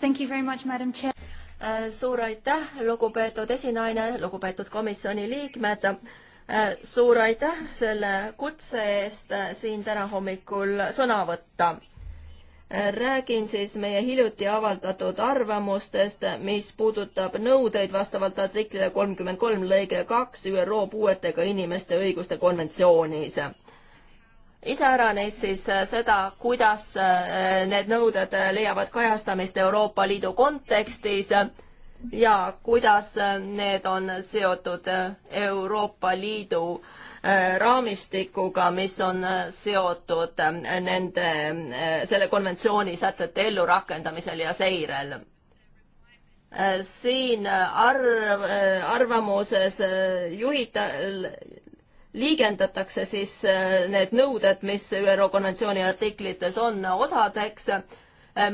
Thank you very much, madam chair. Äh, suur aitäh, lugupeetud esinaine, lugupeetud komisjoni liikmed. Äh, suur aitäh selle kutse eest äh, siin täna hommikul sõna võtta. räägin siis meie hiljuti avaldatud arvamustest, mis puudutab nõudeid vastavalt artiklile kolmkümmend kolm lõige kaks ÜRO puuetega inimeste õiguste konventsioonis iseäranis siis äh, seda, kuidas äh, need nõuded äh, leiavad kajastamist Euroopa Liidu kontekstis ja kuidas need on seotud Euroopa Liidu raamistikuga, mis on seotud nende, selle konventsiooni sätete ellurakendamisel ja seirel siin arv, arvamuses juhita-, liigendatakse siis äh, need nõuded, mis ÜRO konventsiooni artiklites on osadeks äh,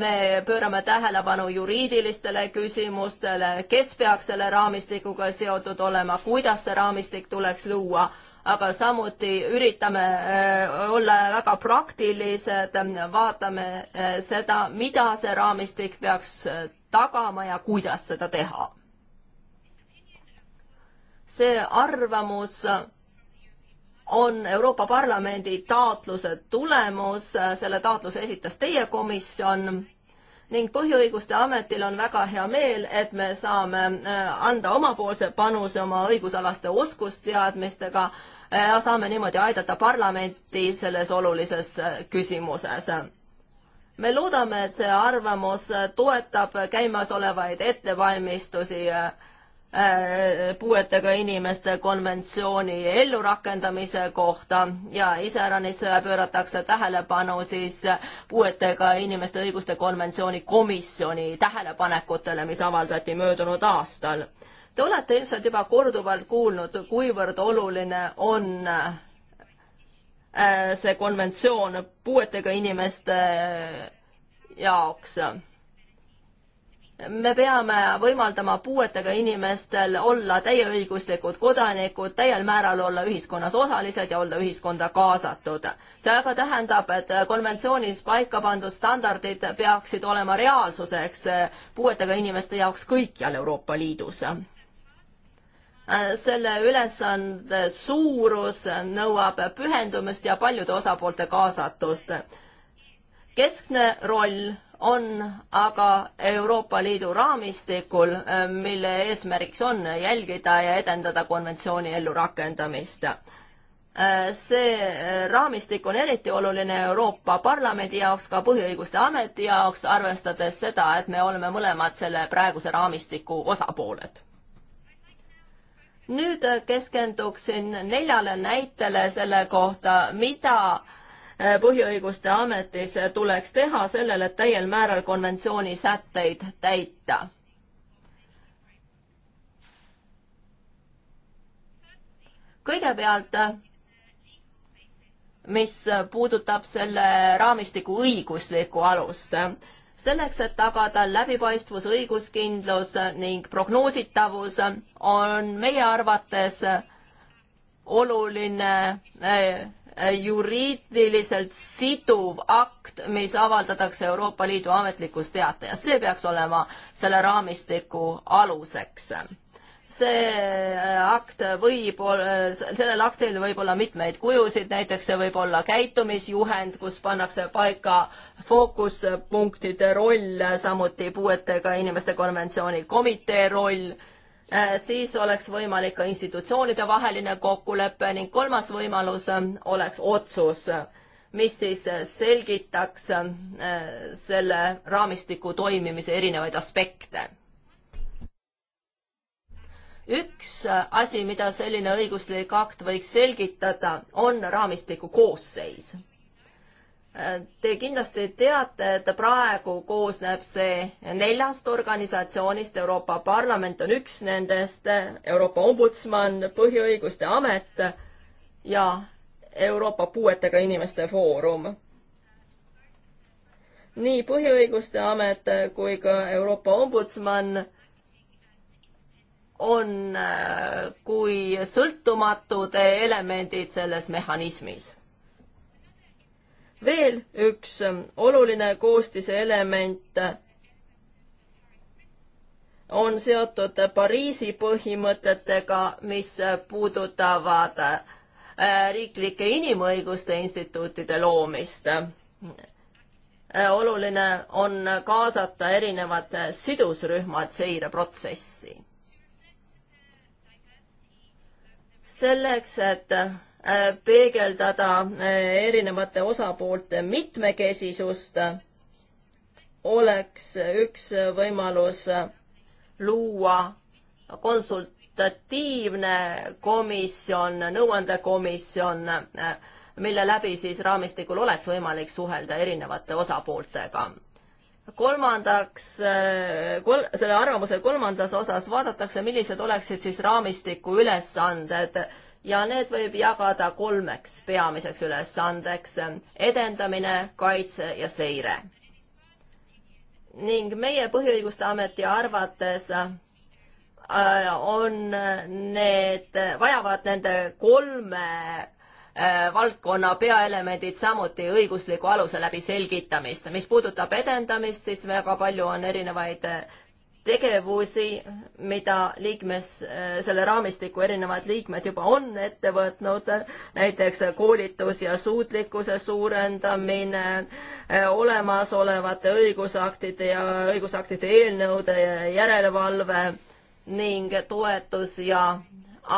me pöörame tähelepanu juriidilistele küsimustele, kes peaks selle raamistikuga seotud olema, kuidas see raamistik tuleks luua, aga samuti üritame äh, olla väga praktilised, vaatame seda, mida see raamistik peaks tagama ja kuidas seda teha. see arvamus on Euroopa Parlamendi taotluse tulemus, selle taotluse esitas teie komisjon ning Põhiõiguste Ametil on väga hea meel, et me saame äh, anda omapoolse panuse oma õigusalaste oskusteadmistega ja äh, saame niimoodi aidata parlamenti selles olulises äh, küsimuses. me loodame, et see arvamus toetab käimasolevaid ettevalmistusi Äh, puuetega inimeste konventsiooni ellurakendamise kohta ja iseäranis pööratakse tähelepanu siis puuetega inimeste õiguste konventsiooni komisjoni tähelepanekutele, mis avaldati möödunud aastal. Te olete ilmselt juba korduvalt kuulnud, kuivõrd oluline on äh, see konventsioon puuetega inimeste jaoks me peame võimaldama puuetega inimestel olla täieõiguslikud kodanikud, täiel määral olla ühiskonnas osalised ja olla ühiskonda kaasatud. see aga tähendab, et konventsioonis paika pandud standardid peaksid olema reaalsuseks puuetega inimeste jaoks kõikjal Euroopa Liidus. selle ülesande suurus nõuab pühendumist ja paljude osapoolte kaasatust. keskne roll on aga Euroopa Liidu raamistikul, äh, mille eesmärgiks on jälgida ja edendada konventsiooni ellurakendamist. Äh, see äh, raamistik on eriti oluline Euroopa Parlamendi jaoks, ka Põhiõiguste Ameti jaoks, arvestades seda, et me oleme mõlemad selle praeguse raamistiku osapooled. nüüd keskenduksin neljale näitele selle kohta, mida Äh, põhiõiguste ametis tuleks teha sellele, et täiel määral konventsiooni sätteid täita. kõigepealt, mis puudutab selle raamistiku õiguslikku alust selleks, et tagada läbipaistvus, õiguskindlus ning prognoositavus, on meie arvates oluline äh, juriidiliselt siduv akt, mis avaldatakse Euroopa Liidu ametlikus teatajas, see peaks olema selle raamistiku aluseks. see äh, akt võib, sellel aktil võib olla mitmeid kujusid, näiteks see võib olla käitumisjuhend, kus pannakse paika fookuspunktide roll, samuti puuetega inimeste konventsiooni komitee roll Äh, siis oleks võimalik ka institutsioonide vaheline kokkulepe ning kolmas võimalus äh, oleks otsus, mis siis äh, selgitaks selle raamistiku toimimise erinevaid aspekte. üks asi, mida selline õiguslik akt võiks selgitada, on raamistiku koosseis Te kindlasti teate, et praegu koosneb see neljast organisatsioonist, Euroopa Parlament on üks nendest, Euroopa Ombudsman, Põhiõiguste Amet ja Euroopa Puuetega Inimeste Foorum. nii Põhiõiguste Amet kui ka Euroopa Ombudsman on äh, kui sõltumatud elemendid selles mehhanismis veel üks ähm, oluline koostise element äh, on seotud Pariisi põhimõtetega, mis äh, puudutavad äh, riiklike inimõiguste instituutide loomist. oluline on kaasata erinevad sidusrühmad seireprotsessi. selleks, et peegeldada eh, erinevate osapoolte mitmekesisust, oleks üks võimalus luua konsultatiivne komisjon, nõuandekomisjon, mille läbi siis raamistikul oleks võimalik suhelda erinevate osapooltega kolmandaks, eh, kol-, selle arvamuse kolmandas osas vaadatakse, millised oleksid siis raamistiku ülesanded ja need võib jagada kolmeks peamiseks ülesandeks edendamine, kaitse ja seire. ning meie Põhiõiguste Ameti arvates äh, on need, vajavad nende kolme äh, valdkonna peaelemendid samuti õigusliku aluse läbi selgitamist. mis puudutab edendamist, siis väga palju on erinevaid tegevusi, mida liikmes, selle raamistiku erinevad liikmed juba on ette võtnud, näiteks koolitus ja suutlikkuse suurendamine, olemasolevate õigusaktide ja õigusaktide eelnõude järelevalve ning toetus ja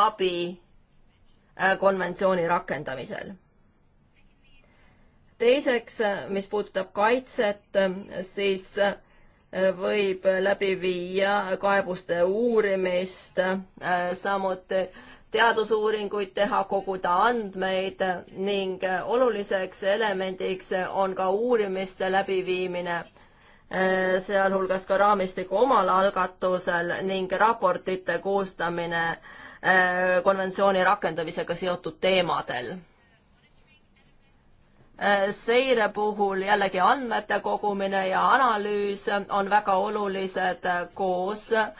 abi äh, konventsiooni rakendamisel. teiseks, mis puudutab kaitset, siis äh, võib läbi viia kaebuste uurimist, samuti teadusuuringuid teha, koguda andmeid ning oluliseks elemendiks on ka uurimiste läbiviimine, sealhulgas ka raamistiku omal algatusel ning raportite koostamine konventsiooni rakendamisega seotud teemadel Äh, seire puhul jällegi andmete kogumine ja analüüs on väga olulised äh, koos äh,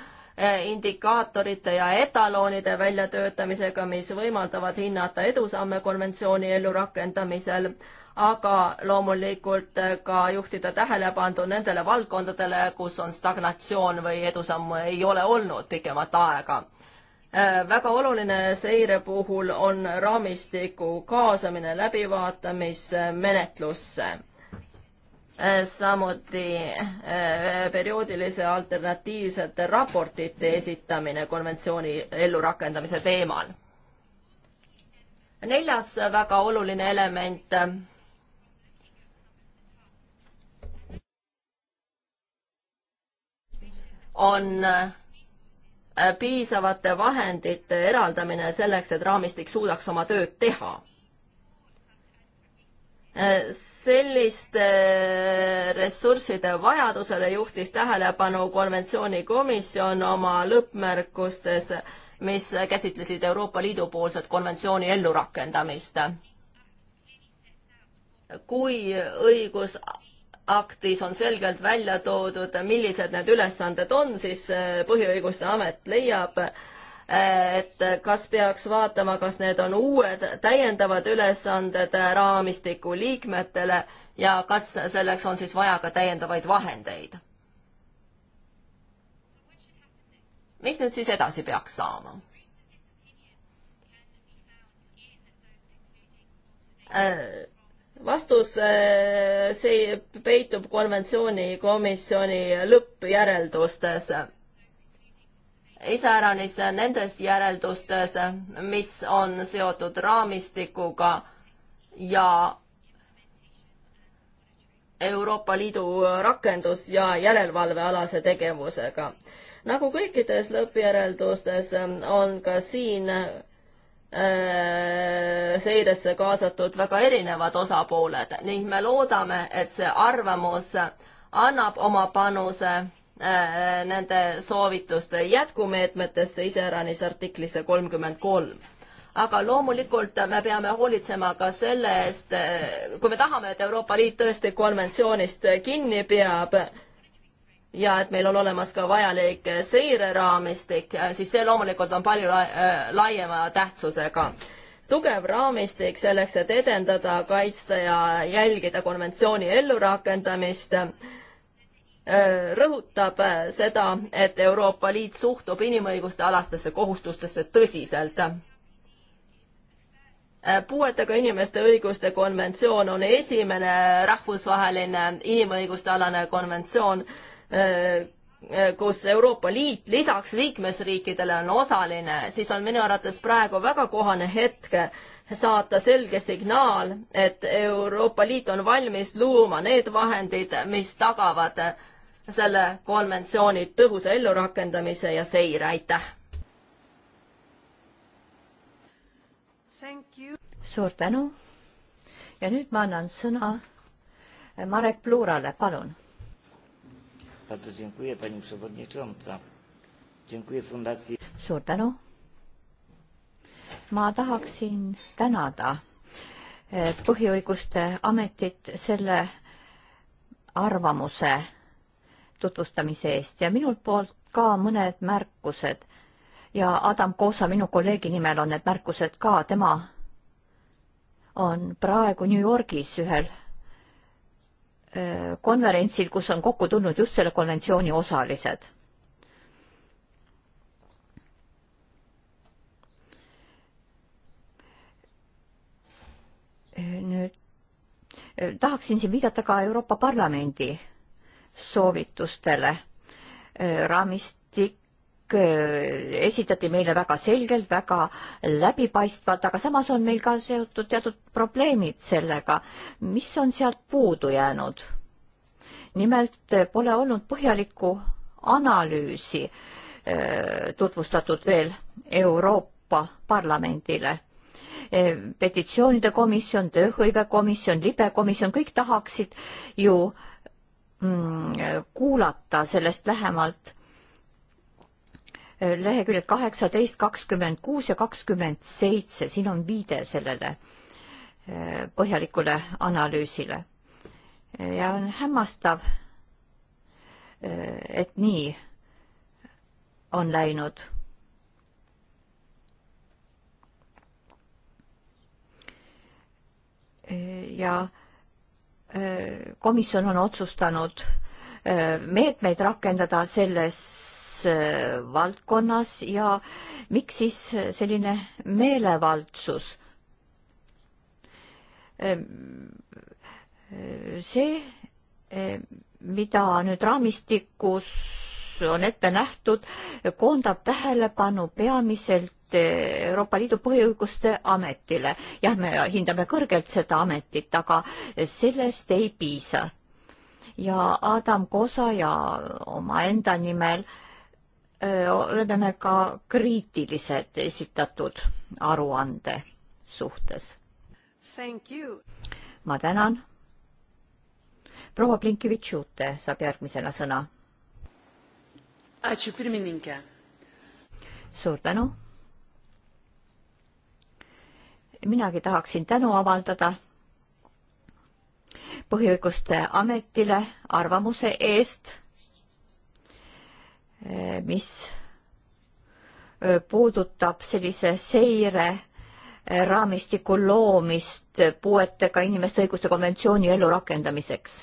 indikaatorite ja etaloonide väljatöötamisega, mis võimaldavad hinnata edusamme konventsiooni ellurakendamisel, aga loomulikult ka juhtida tähelepanu nendele valdkondadele, kus on stagnatsioon või edusammu ei ole olnud pikemat aega Äh, väga oluline seire puhul on raamistiku kaasamine läbivaatamismenetlusse. Äh, samuti äh, perioodilise alternatiivsete raportite esitamine konventsiooni ellurakendamise teemal. neljas väga oluline element on Äh, piisavate vahendite eraldamine selleks, et raamistik suudaks oma tööd teha. Äh, selliste ressursside vajadusele juhtis tähelepanu konventsiooni komisjon oma lõppmärkustes, mis käsitlesid Euroopa Liidu poolset konventsiooni ellurakendamist. kui õigus aktis on selgelt välja toodud, millised need ülesanded on, siis eh, Põhiõiguste Amet leiab, eh, et kas peaks vaatama, kas need on uued täiendavad ülesanded eh, raamistiku liikmetele ja kas selleks on siis vaja ka täiendavaid vahendeid. mis nüüd siis edasi peaks saama? vastus, äh, see peitub konventsiooni komisjoni lõppjäreldustes. iseäranis nendes järeldustes, mis on seotud raamistikuga ja Euroopa Liidu rakendus- ja järelevalvealase tegevusega. nagu kõikides lõppjäreldustes, on ka siin Äh, seiresse kaasatud väga erinevad osapooled ning me loodame, et see arvamus annab oma panuse äh, nende soovituste jätkumeetmetesse, iseäranis artiklisse kolmkümmend kolm. aga loomulikult me peame hoolitsema ka selle eest, äh, kui me tahame, et Euroopa Liit tõesti konventsioonist kinni peab, ja et meil on olemas ka vajalik seireraamistik, siis see loomulikult on palju äh, laiema tähtsusega. tugev raamistik selleks, et edendada, kaitsta ja jälgida konventsiooni ellurakendamist, äh, rõhutab seda, et Euroopa Liit suhtub inimõiguste alastesse kohustustesse tõsiselt äh, puuetega inimeste õiguste konventsioon on esimene rahvusvaheline inimõiguste alane konventsioon, Äh, äh, kus Euroopa Liit lisaks liikmesriikidele on osaline, siis on minu arvates praegu väga kohane hetk saata selge signaal, et Euroopa Liit on valmis looma need vahendid, mis tagavad selle konventsiooni tõhusa ellurakendamise ja seire, aitäh! suur tänu ja nüüd ma annan sõna Marek Pluurale, palun Bardzo dziękuję, pani przewodnicząca. Dziękuję fundacji. suur tänu. ma tahaksin tänada eh, põhiõiguste ametit selle arvamuse tutvustamise eest ja minult poolt ka mõned märkused ja Adam Koosa, minu kolleegi nimel on need märkused ka, tema on praegu New Yorgis ühel konverentsil, kus on kokku tulnud just selle konventsiooni osalised. nüüd tahaksin siin viidata ka Euroopa Parlamendi soovitustele raamistik Äh, esitati meile väga selgelt, väga läbipaistvalt, aga samas on meil ka seotud teatud probleemid sellega, mis on sealt puudu jäänud. nimelt äh, pole olnud põhjalikku analüüsi äh, tutvustatud veel Euroopa Parlamendile. petitsioonide komisjon, tööhõivekomisjon, libekomisjon, kõik tahaksid ju mm, kuulata sellest lähemalt Äh, leheküljed kaheksateist, kakskümmend kuus ja kakskümmend seitse, siin on viide sellele äh, põhjalikule analüüsile. Äh, ja on hämmastav, et nii on läinud. ja komisjon on otsustanud meetmeid rakendada selles valdkonnas ja miks siis selline meelevaldsus? see, mida nüüd raamistikus on ette nähtud, koondab tähelepanu peamiselt Euroopa Liidu põhiõiguste ametile. jah, me hindame kõrgelt seda ametit, aga sellest ei piisa. ja Adam Kosa ja omaenda nimel äh, oleme me ka kriitilised esitatud aruande suhtes. ma tänan. proua Blinkivitš-Jute saab järgmisena sõna. suur tänu. minagi tahaksin tänu avaldada põhiõiguste ametile arvamuse eest Eh, mis eh, puudutab sellise seire eh, raamistiku loomist puuetega inimeste õiguste konventsiooni ellurakendamiseks.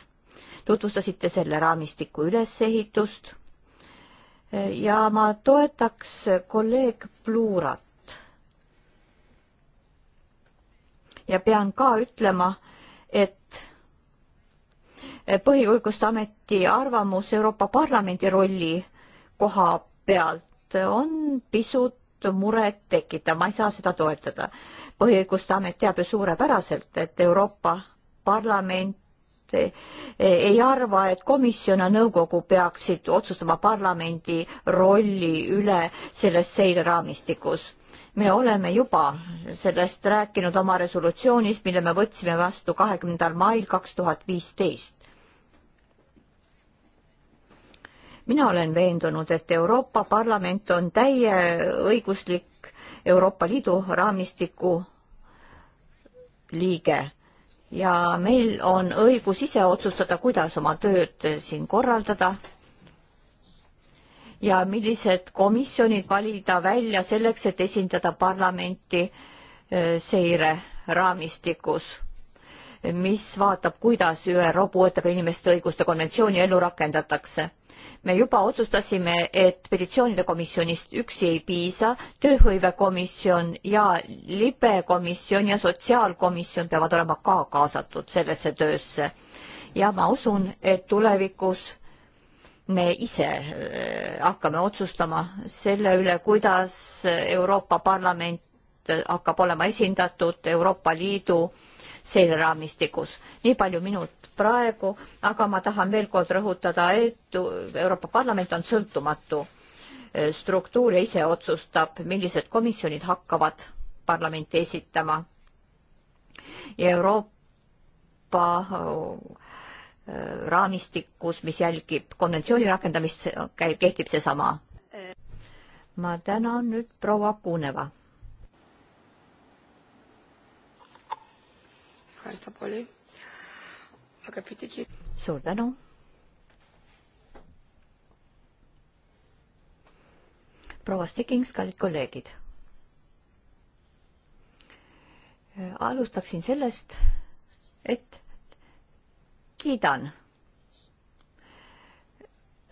tutvustasite selle raamistiku ülesehitust ja ma toetaks kolleeg Pluurat. ja pean ka ütlema, et põhiõiguste ameti arvamus Euroopa Parlamendi rolli koha pealt on pisut muret tekitav, ma ei saa seda toetada. põhiõiguste amet teab ju suurepäraselt, et Euroopa Parlament ei arva, et komisjon ja nõukogu peaksid otsustama parlamendi rolli üle selles seireraamistikus. me oleme juba sellest rääkinud oma resolutsioonis, mille me võtsime vastu kahekümnendal mail kaks tuhat viisteist. mina olen veendunud, et Euroopa Parlament on täieõiguslik Euroopa Liidu raamistiku liige ja meil on õigus ise otsustada, kuidas oma tööd siin korraldada ja millised komisjonid valida välja selleks, et esindada parlamenti eh, seire raamistikus, mis vaatab, kuidas ÜRO puuetega inimeste õiguste konventsiooni ellu rakendatakse me juba otsustasime, et petitsioonide komisjonist üksi ei piisa, tööhõivekomisjon ja libekomisjon ja sotsiaalkomisjon peavad olema ka kaasatud sellesse töösse. ja ma usun, et tulevikus me ise äh, hakkame otsustama selle üle, kuidas Euroopa Parlament äh, hakkab olema esindatud Euroopa Liidu seireraamistikus. nii palju minult praegu, aga ma tahan veel kord rõhutada, et Euroopa Parlament on sõltumatu struktuur ja ise otsustab, millised komisjonid hakkavad parlamenti esitama. ja Euroopa äh, raamistikus, mis jälgib konventsiooni rakendamist, käib, kehtib seesama. ma tänan nüüd proua Kuneva. Karsta Poli suur tänu. proua Stikings, kallid kolleegid. alustaksin sellest, et kiidan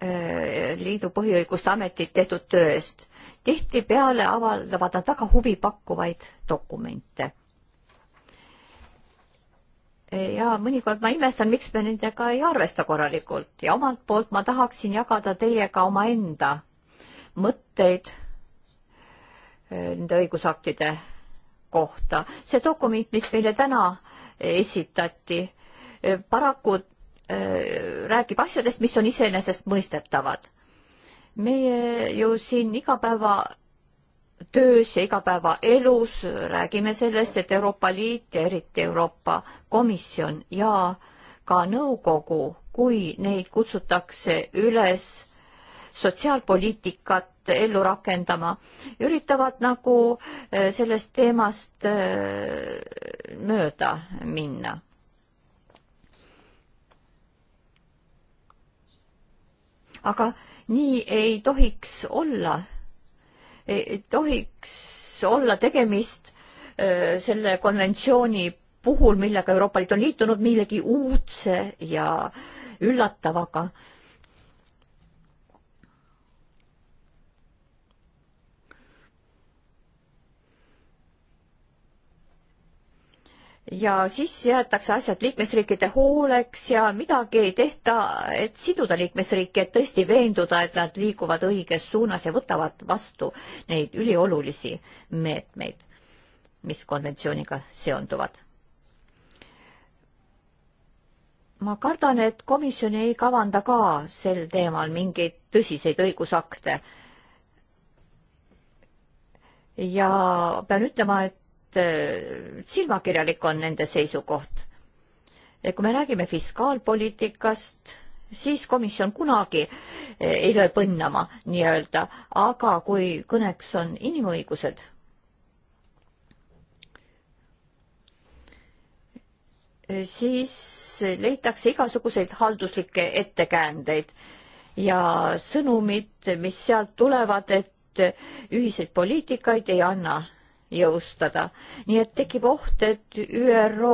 äh, liidu põhiõiguste ametit tehtud töö eest. tihtipeale avaldavad nad väga huvipakkuvaid dokumente ja mõnikord ma imestan, miks me nendega ei arvesta korralikult ja omalt poolt ma tahaksin jagada teiega omaenda mõtteid eh, nende õigusaktide kohta. see dokument, mis meile täna eh, esitati, eh, paraku räägib asjadest, mis on iseenesestmõistetavad. meie ju siin igapäeva töös ja igapäevaelus räägime sellest, et Euroopa Liit ja eriti Euroopa Komisjon ja ka nõukogu, kui neid kutsutakse üles sotsiaalpoliitikat ellu rakendama, üritavad nagu eh, sellest teemast eh, mööda minna. aga nii ei tohiks olla ei tohiks olla tegemist selle konventsiooni puhul, millega Euroopa Liit on liitunud, millegi uudse ja üllatavaga ja siis jäetakse asjad liikmesriikide hooleks ja midagi ei tehta, et siduda liikmesriiki, et tõesti veenduda, et nad liiguvad õiges suunas ja võtavad vastu neid üliolulisi meetmeid, mis konventsiooniga seonduvad. ma kardan, et komisjon ei kavanda ka sel teemal mingeid tõsiseid õigusakte. ja pean ütlema, et Äh, silmakirjalik on nende seisukoht. kui me räägime fiskaalpoliitikast, siis komisjon kunagi äh, ei löö põnnama nii-öelda, aga kui kõneks on inimõigused, siis leitakse igasuguseid halduslikke ettekäändeid ja sõnumid, mis sealt tulevad, et ühiseid poliitikaid ei anna jõustada. nii et tekib oht, et ÜRO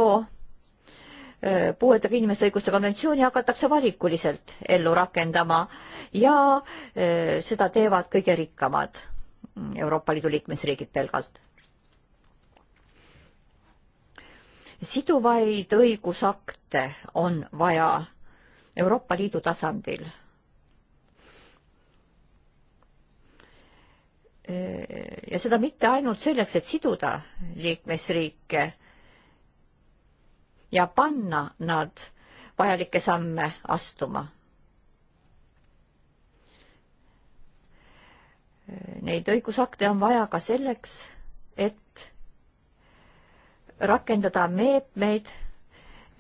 äh, puuetega inimeste õiguste konventsiooni hakatakse valikuliselt ellu rakendama ja äh, seda teevad kõige rikkamad Euroopa Liidu liikmesriigid pelgalt. siduvaid õigusakte on vaja Euroopa Liidu tasandil Äh, ja seda mitte ainult selleks, et siduda liikmesriike ja panna nad vajalikke samme astuma. Neid õigusakte on vaja ka selleks, et rakendada meetmeid,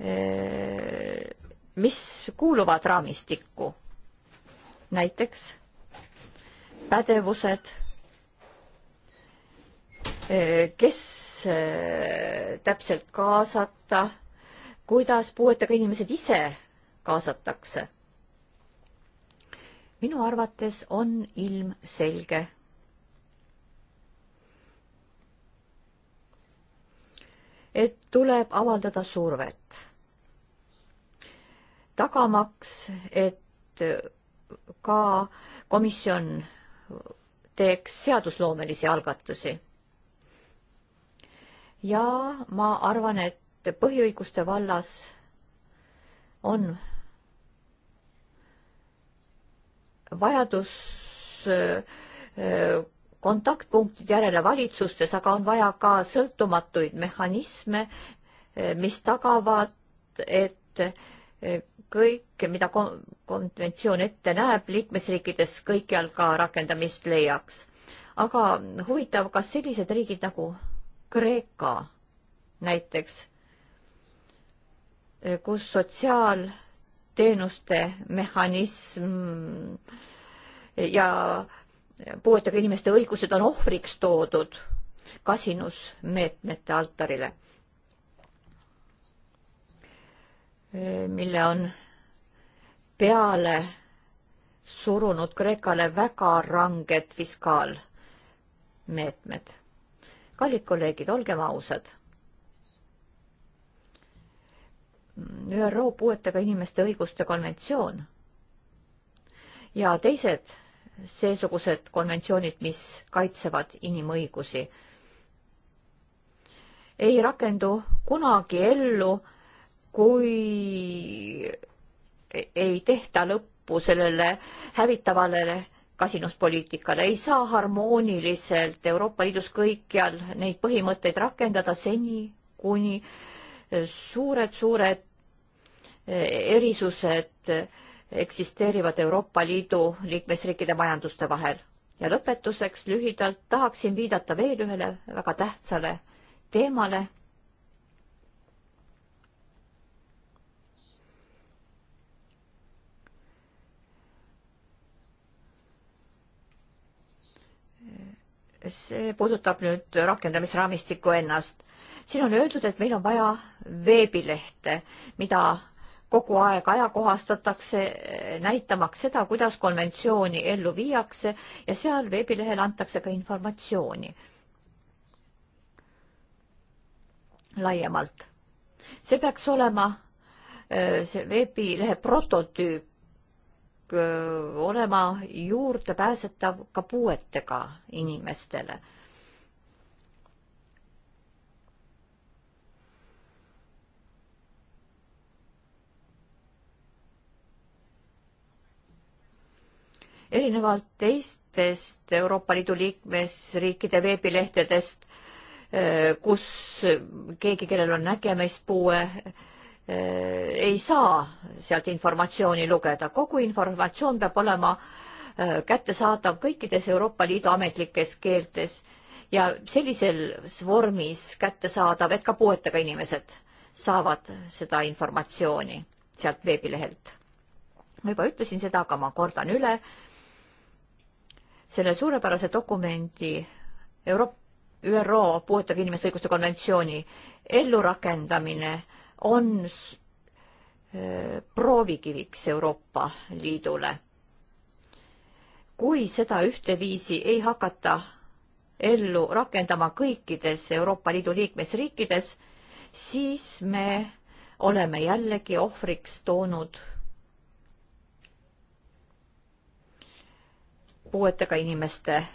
äh, mis kuuluvad raamistikku. näiteks pädevused Eh, kes eh, täpselt kaasata, kuidas puuetega inimesed ise kaasatakse. minu arvates on ilmselge, et tuleb avaldada survet, tagamaks, et ka komisjon teeks seadusloomelisi algatusi ja ma arvan, et põhiõiguste vallas on vajadus äh, äh, kontaktpunktid järele valitsustes, aga on vaja ka sõltumatuid mehhanisme, äh, mis tagavad, et kõik, mida konventsioon ette näeb, liikmesriikides kõikjal ka rakendamist leiaks. aga huvitav, kas sellised riigid nagu Kreeka näiteks, kus sotsiaalteenuste mehhanism ja puuetega inimeste õigused on ohvriks toodud kasinusmeetmete altarile, mille on peale surunud Kreekale väga ranged fiskaalmeetmed kallid kolleegid, olgem ausad. ÜRO puuetega inimeste õiguste konventsioon ja teised seesugused konventsioonid, mis kaitsevad inimõigusi, ei rakendu kunagi ellu, kui ei tehta lõppu sellele hävitavale kasinuspoliitikale, ei saa harmooniliselt Euroopa Liidus kõikjal neid põhimõtteid rakendada seni, kuni suured-suured eh, eh, erisused eh, eksisteerivad Euroopa Liidu liikmesriikide majanduste vahel. ja lõpetuseks lühidalt tahaksin viidata veel ühele väga tähtsale teemale see puudutab nüüd rakendamisraamistikku ennast. siin on öeldud, et meil on vaja veebilehte, mida kogu aeg ajakohastatakse, näitamaks seda, kuidas konventsiooni ellu viiakse ja seal veebilehel antakse ka informatsiooni laiemalt. see peaks olema äh, see veebilehe prototüüp, Äh, olema juurdepääsetav ka puuetega inimestele. erinevalt teistest Euroopa Liidu liikmesriikide veebilehtedest, äh, kus keegi, kellel on nägemispuue, Äh, ei saa sealt informatsiooni lugeda, kogu informatsioon peab olema äh, kättesaadav kõikides Euroopa Liidu ametlikes keeltes ja sellises vormis kättesaadav, et ka puuetega inimesed saavad seda informatsiooni sealt veebilehelt. ma juba ütlesin seda, aga ma kordan üle. selle suurepärase dokumendi Euroopa ÜRO puuetega inimeste õiguste konventsiooni ellurakendamine on eh, proovikiviks Euroopa Liidule. kui seda ühteviisi ei hakata ellu rakendama kõikides Euroopa Liidu liikmesriikides, siis me oleme jällegi ohvriks toonud puuetega inimeste eh,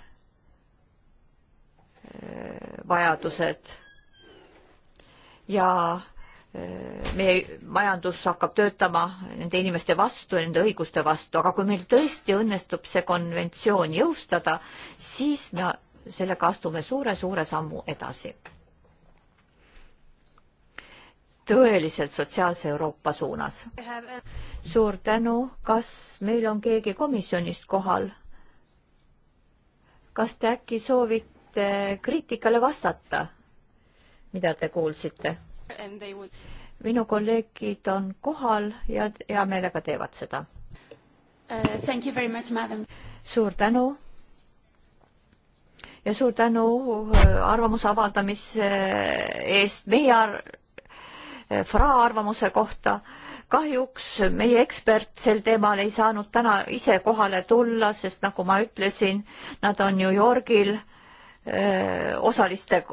vajadused ja meie majandus hakkab töötama nende inimeste vastu, nende õiguste vastu, aga kui meil tõesti õnnestub see konventsioon jõustada, siis me sellega astume suure-suure sammu edasi. tõeliselt sotsiaalse Euroopa suunas. suur tänu, kas meil on keegi komisjonist kohal? kas te äkki soovite kriitikale vastata, mida te kuulsite? minu kolleegid on kohal ja hea meelega teevad seda uh,. suur tänu. ja suur tänu uh, arvamuse avaldamise uh, eest meie ar uh, FRA arvamuse kohta kahjuks meie ekspert sel teemal ei saanud täna ise kohale tulla, sest nagu ma ütlesin, nad on New Yorgil öö, osaliste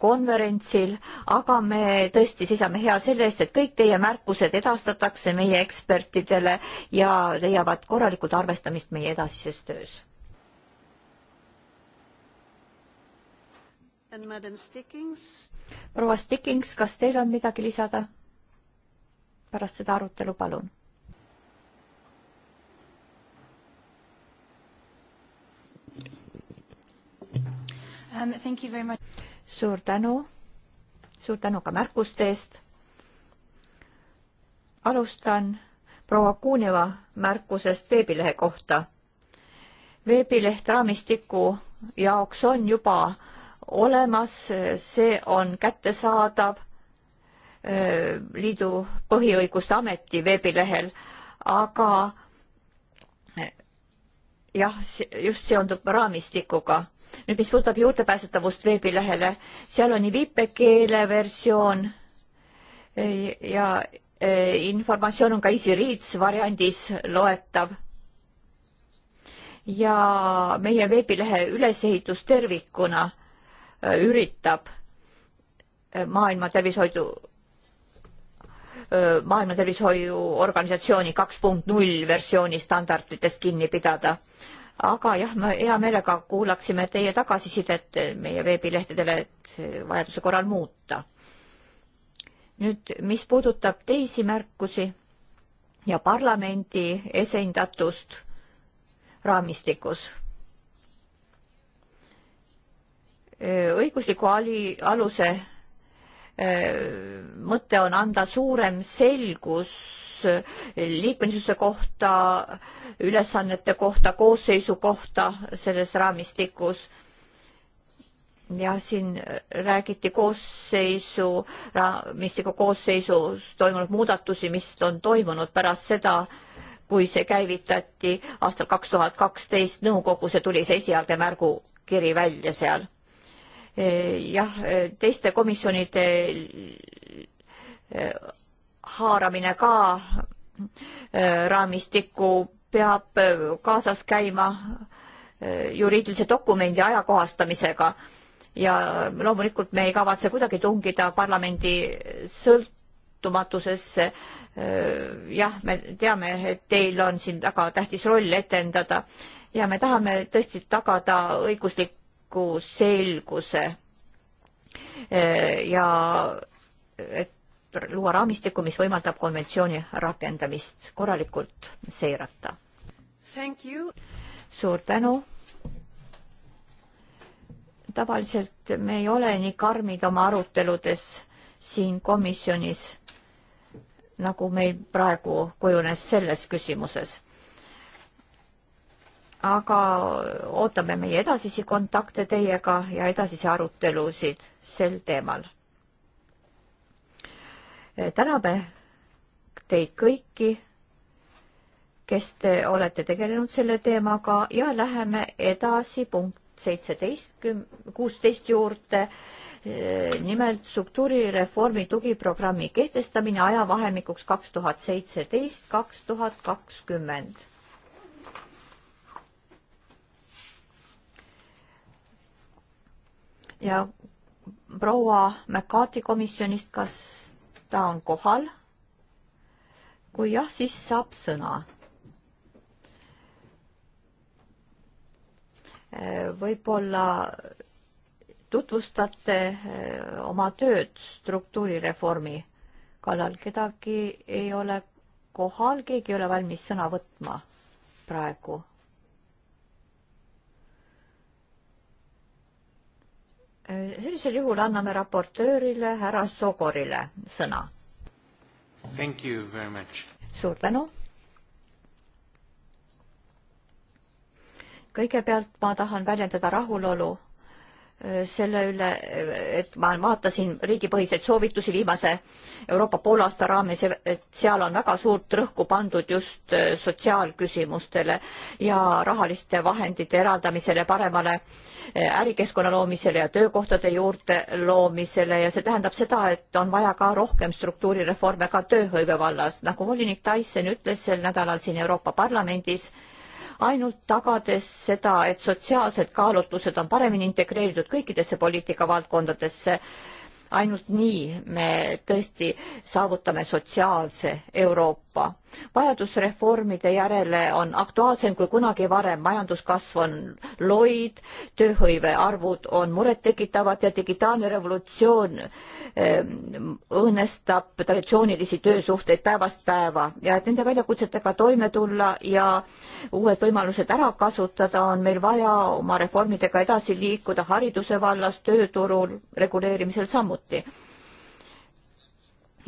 konverentsil, aga me tõesti seisame hea selle eest, et kõik teie märkused edastatakse meie ekspertidele ja leiavad korralikult arvestamist meie edasises töös. proua Stikings, kas teil on midagi lisada? pärast seda arutelu, palun Um, thank you very much suur tänu, suur tänu ka märkuste eest. alustan proua Kuuneva märkusest veebilehe kohta. veebileht raamistiku jaoks on juba olemas, see on kättesaadav eh, liidu põhiõiguste ameti veebilehel, aga eh, jah, just seondub raamistikuga nüüd, mis puudutab juurdepääsetavust veebilehele, seal on nii viipekeele versioon eh, ja eh, informatsioon on ka EasyReads variandis loetav. ja meie veebilehe ülesehitus tervikuna eh, üritab maailma tervishoidu, maailma tervishoiuorganisatsiooni kaks punkt null versiooni standarditest kinni pidada aga jah, me hea meelega kuulaksime teie tagasisidet meie veebilehtedele, et eh, vajaduse korral muuta. nüüd, mis puudutab teisi märkusi ja parlamendi esindatust raamistikus. Eh, õigusliku ali, aluse Äh, mõte on anda suurem selgus äh, liikmesuse kohta, ülesannete kohta, koosseisu kohta selles raamistikus. ja siin räägiti koosseisu, raamistiku koosseisus toimunud muudatusi, mis on toimunud pärast seda, kui see käivitati aastal kaks tuhat kaksteist nõukogu, see tuli see esialgne märgukiri välja seal Eh, jah, eh, teiste komisjonide eh, haaramine ka raamistikku peab kaasas käima juriidilise dokumendi ajakohastamisega ja loomulikult me ei kavatse kuidagi tungida parlamendi sõltumatusesse. jah, me teame, et teil on siin väga tähtis roll etendada ja me tahame tõesti tagada õiguslik õigusliku selguse eh, ja et luua raamistikku, mis võimaldab konventsiooni rakendamist korralikult seirata. suur tänu. tavaliselt me ei ole nii karmid oma aruteludes siin komisjonis, nagu meil praegu kujunes selles küsimuses aga ootame meie edasisi kontakte teiega ja edasisi arutelusid sel teemal. täname teid kõiki, kes te olete tegelenud selle teemaga ja läheme edasi punkt seitseteist, kuusteist juurde. nimelt struktuurireformi tugiprogrammi kehtestamine ajavahemikuks kaks tuhat seitseteist, kaks tuhat kakskümmend ja proua McCarthy komisjonist, kas ta on kohal? kui jah, siis saab sõna. võib-olla tutvustate eh, oma tööd struktuurireformi kallal, kedagi ei ole kohal, keegi ei ole valmis sõna võtma praegu Äh, sellisel juhul anname raportöörile härra Sogorile sõna. suur tänu. kõigepealt ma tahan väljendada rahulolu Äh, selle üle, et ma vaatasin riigipõhiseid soovitusi viimase Euroopa poolaasta raames, et seal on väga suurt rõhku pandud just äh, sotsiaalküsimustele ja rahaliste vahendite eraldamisele, paremale äh, ärikeskkonna loomisele ja töökohtade juurde loomisele ja see tähendab seda, et on vaja ka rohkem struktuurireforme ka tööhõive vallas, nagu volinik Tyson ütles sel nädalal siin Euroopa Parlamendis ainult tagades seda, et sotsiaalsed kaalutlused on paremini integreeritud kõikidesse poliitikavaldkondadesse. ainult nii me tõesti saavutame sotsiaalse Euroopa. Euroopa. vajadus reformide järele on aktuaalsem kui kunagi varem, majanduskasv on loid, tööhõive arvud on murettekitavad ja digitaalne revolutsioon ehm, õõnestab traditsioonilisi töösuhteid päevast päeva ja et nende väljakutsetega toime tulla ja uued võimalused ära kasutada, on meil vaja oma reformidega edasi liikuda hariduse vallas, tööturul, reguleerimisel samuti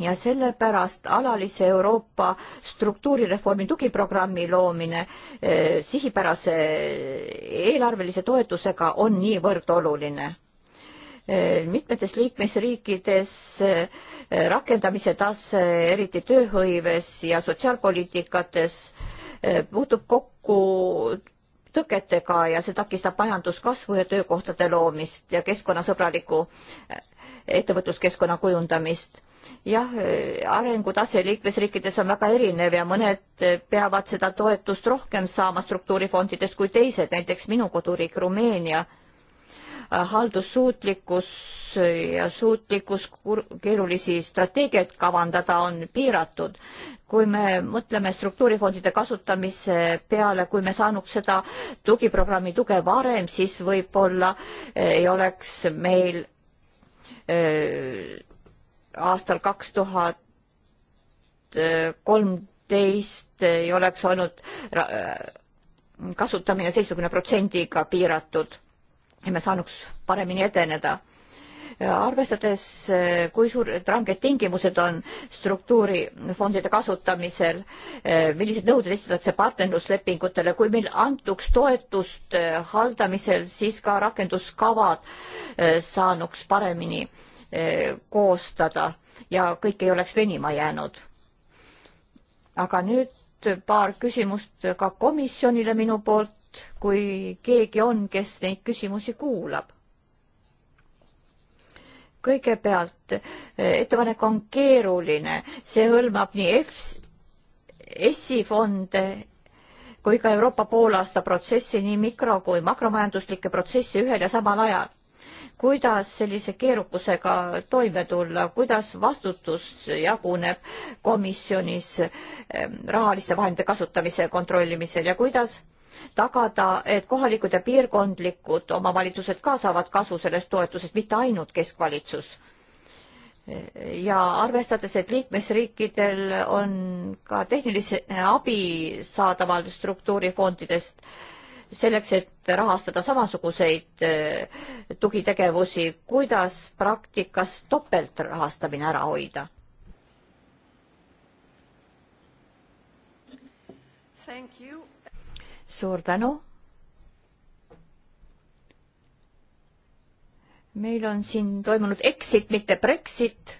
ja sellepärast alalise Euroopa struktuurireformi tugiprogrammi loomine eh, sihipärase eh, eelarvelise toetusega on niivõrd oluline eh,. mitmetes liikmesriikides eh, rakendamise tase, eriti tööhõives ja sotsiaalpoliitikates eh, muutub kokku tõketega ja see takistab majanduskasvu ja töökohtade loomist ja keskkonnasõbraliku eh, ettevõtluskeskkonna kujundamist jah, arengutase liikmesriikides on väga erinev ja mõned peavad seda toetust rohkem saama struktuurifondidest kui teised, näiteks minu koduriik Rumeenia äh, haldussuutlikkus ja suutlikkus keerulisi strateegiaid kavandada on piiratud. kui me mõtleme struktuurifondide kasutamise peale, kui me saanuks seda tugiprogrammi tuge varem, siis võib-olla äh, ei oleks meil öö, äh, aastal kaks tuhat kolmteist ei oleks olnud äh, kasutamine seitsmekümne protsendiga piiratud ja me saanuks paremini edeneda. arvestades, äh, kui suured ranged tingimused on struktuurifondide kasutamisel, äh, millised nõuded esitatakse partnerluslepingutele, kui meil antuks toetust haldamisel, siis ka rakenduskavad saanuks paremini äh, koostada ja kõik ei oleks venima jäänud. aga nüüd paar küsimust ka komisjonile minu poolt, kui keegi on, kes neid küsimusi kuulab. kõigepealt ettepanek on keeruline, see hõlmab nii EFS, ESI fonde kui ka Euroopa poolaasta protsessi, nii mikro kui makromajanduslikke protsesse ühel ja samal ajal kuidas sellise keerukusega toime tulla, kuidas vastutus jaguneb komisjonis ehm, rahaliste vahendite kasutamise kontrollimisel ja kuidas tagada, et kohalikud ja piirkondlikud omavalitsused ka saavad kasu sellest toetusest, mitte ainult keskvalitsus ja arvestades, et liikmesriikidel on ka tehnilise abi saadaval struktuurifondidest selleks, et rahastada samasuguseid äh, tugitegevusi, kuidas praktikas topeltrahastamine ära hoida? suur tänu. meil on siin toimunud exit, mitte Brexit.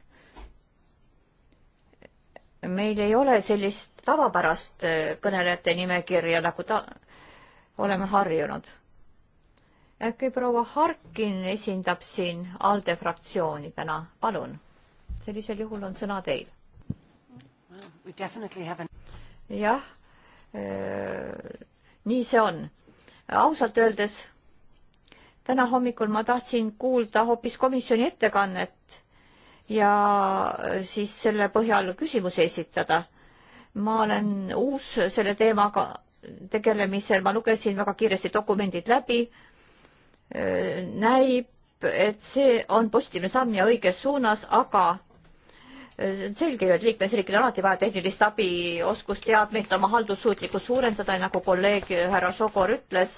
meil ei ole sellist tavapärast äh, kõnelejate nimekirja nagu ta-, oleme harjunud. äkki proua Harkin esindab siin ALDE fraktsiooni täna, palun. sellisel juhul on sõna teil. jah, äh, nii see on. ausalt öeldes täna hommikul ma tahtsin kuulda hoopis komisjoni ettekannet ja äh, siis selle põhjal küsimusi esitada. ma olen uus selle teemaga tegelemisel, ma lugesin väga kiiresti dokumendid läbi, äh, näib, et see on positiivne samm ja õiges suunas, aga äh, selge ju, et liikmesriigil on alati vaja tehnilist abi, oskusteadmeid, oma haldussuutlikkust suurendada ja nagu kolleeg härra Sogor ütles,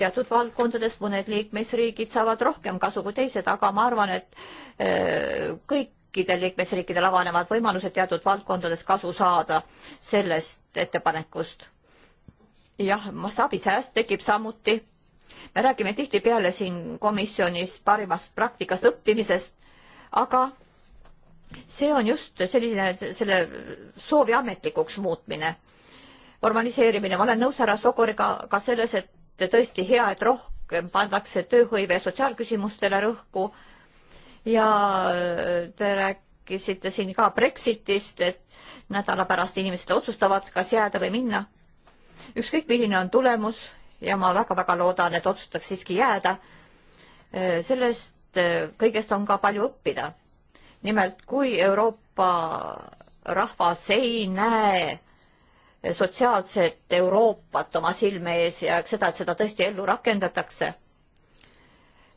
teatud valdkondades mõned liikmesriigid saavad rohkem kasu kui teised, aga ma arvan, et äh, kõikidel liikmesriikidel avanevad võimalused teatud valdkondades kasu saada sellest ettepanekust jah, mastaabisääst tekib samuti. me räägime tihtipeale siin komisjonis parimast praktikast õppimisest, aga see on just selline, selle soovi ametlikuks muutmine, formaliseerimine. ma olen nõus härra Sogoriga ka selles, et tõesti hea, et rohkem pandakse tööhõive ja sotsiaalküsimustele rõhku. ja te rääkisite siin ka Brexitist, et nädala pärast inimesed otsustavad, kas jääda või minna ükskõik milline on tulemus ja ma väga-väga loodan, et otsustaks siiski jääda. Äh, sellest äh, kõigest on ka palju õppida. nimelt, kui Euroopa rahvas ei näe sotsiaalset Euroopat oma silme ees ja seda, et seda tõesti ellu rakendatakse,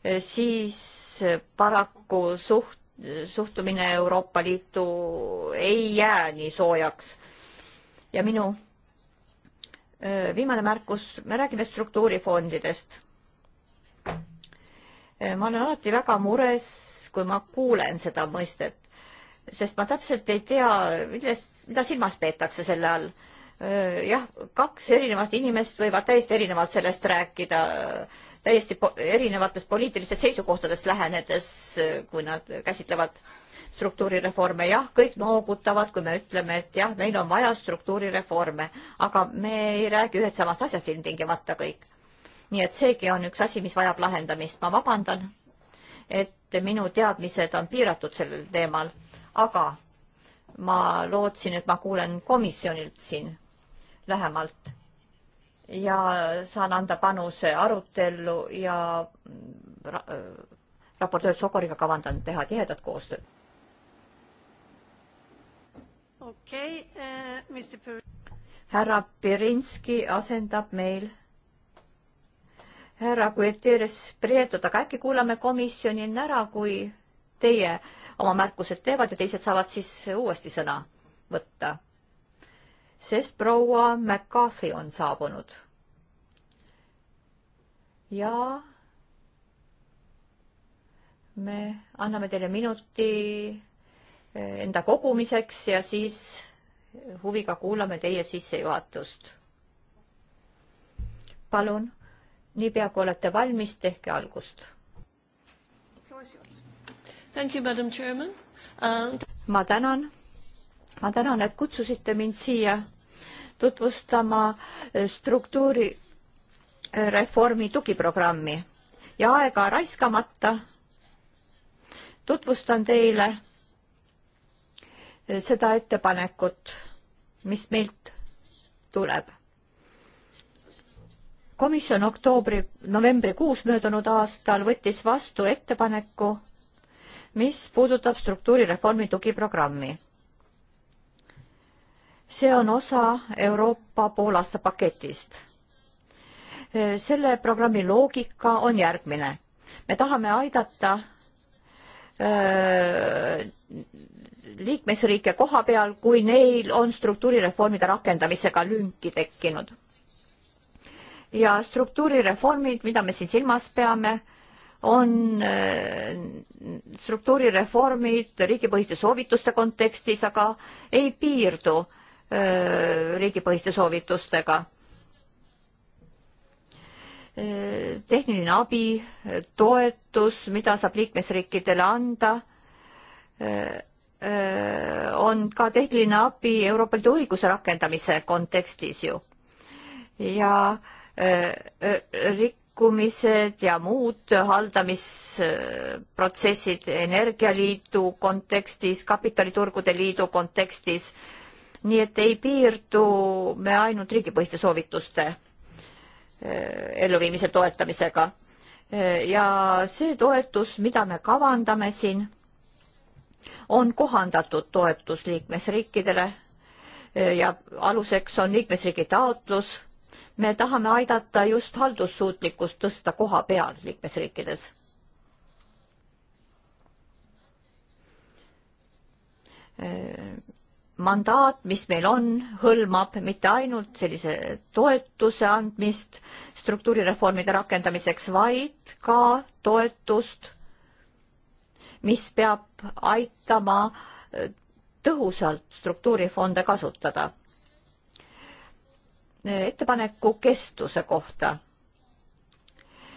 äh, siis paraku suht, suhtumine Euroopa Liitu ei jää nii soojaks. ja minu viimane märkus, me räägime struktuurifondidest. ma olen alati väga mures, kui ma kuulen seda mõistet, sest ma täpselt ei tea, millest, mida silmas peetakse selle all. jah, kaks erinevat inimest võivad täiesti erinevalt sellest rääkida, täiesti po erinevatest poliitilistest seisukohtadest lähenedes, kui nad käsitlevad struktuurireforme, jah, kõik noogutavad, kui me ütleme, et jah, meil on vaja struktuurireforme, aga me ei räägi ühest samast asjast ilmtingimata kõik. nii et seegi on üks asi, mis vajab lahendamist, ma vabandan, et minu teadmised on piiratud sellel teemal, aga ma lootsin, et ma kuulen komisjonilt siin lähemalt ja saan anda panuse arutellu ja ra raportöör Sokoriga kavandan teha tihedat koostööd okei okay, uh,, Mr Pir-. härra Pirinski asendab meil härra Guterres Prietot, aga äkki kuulame komisjoni enne ära, kui teie oma märkused teevad ja teised saavad siis uuesti sõna võtta. sest proua McCarthy on saabunud. ja me anname teile minuti enda kogumiseks ja siis huviga kuulame teie sissejuhatust. palun, niipea kui olete valmis, tehke algust. Uh, ma tänan, ma tänan, et kutsusite mind siia tutvustama eh, struktuurireformi eh, tugiprogrammi ja aega raiskamata tutvustan teile seda ettepanekut, mis meilt tuleb. komisjon oktoobri, novembrikuus möödunud aastal võttis vastu ettepaneku, mis puudutab struktuurireformi tugiprogrammi. see on osa Euroopa poolaasta paketist. selle programmi loogika on järgmine. me tahame aidata liikmesriike koha peal, kui neil on struktuurireformide rakendamisega lünki tekkinud. ja struktuurireformid, mida me siin silmas peame, on struktuurireformid riigipõhiste soovituste kontekstis, aga ei piirdu riigipõhiste soovitustega tehniline abi, toetus, mida saab liikmesriikidele anda, on ka tehniline abi Euroopa Liidu õiguse rakendamise kontekstis ju. ja äh, äh, rikkumised ja muud haldamisprotsessid Energialiidu kontekstis, Kapitaliturgude Liidu kontekstis, nii et ei piirdu me ainult riigipõhiste soovituste Eh, elluviimise toetamisega. Eh, ja see toetus, mida me kavandame siin, on kohandatud toetus liikmesriikidele eh, ja aluseks on liikmesriigi taotlus. me tahame aidata just haldussuutlikkust tõsta koha peal liikmesriikides mandaat, mis meil on, hõlmab mitte ainult sellise toetuse andmist struktuurireformide rakendamiseks, vaid ka toetust, mis peab aitama äh, tõhusalt struktuurifonde kasutada. ettepaneku kestuse kohta.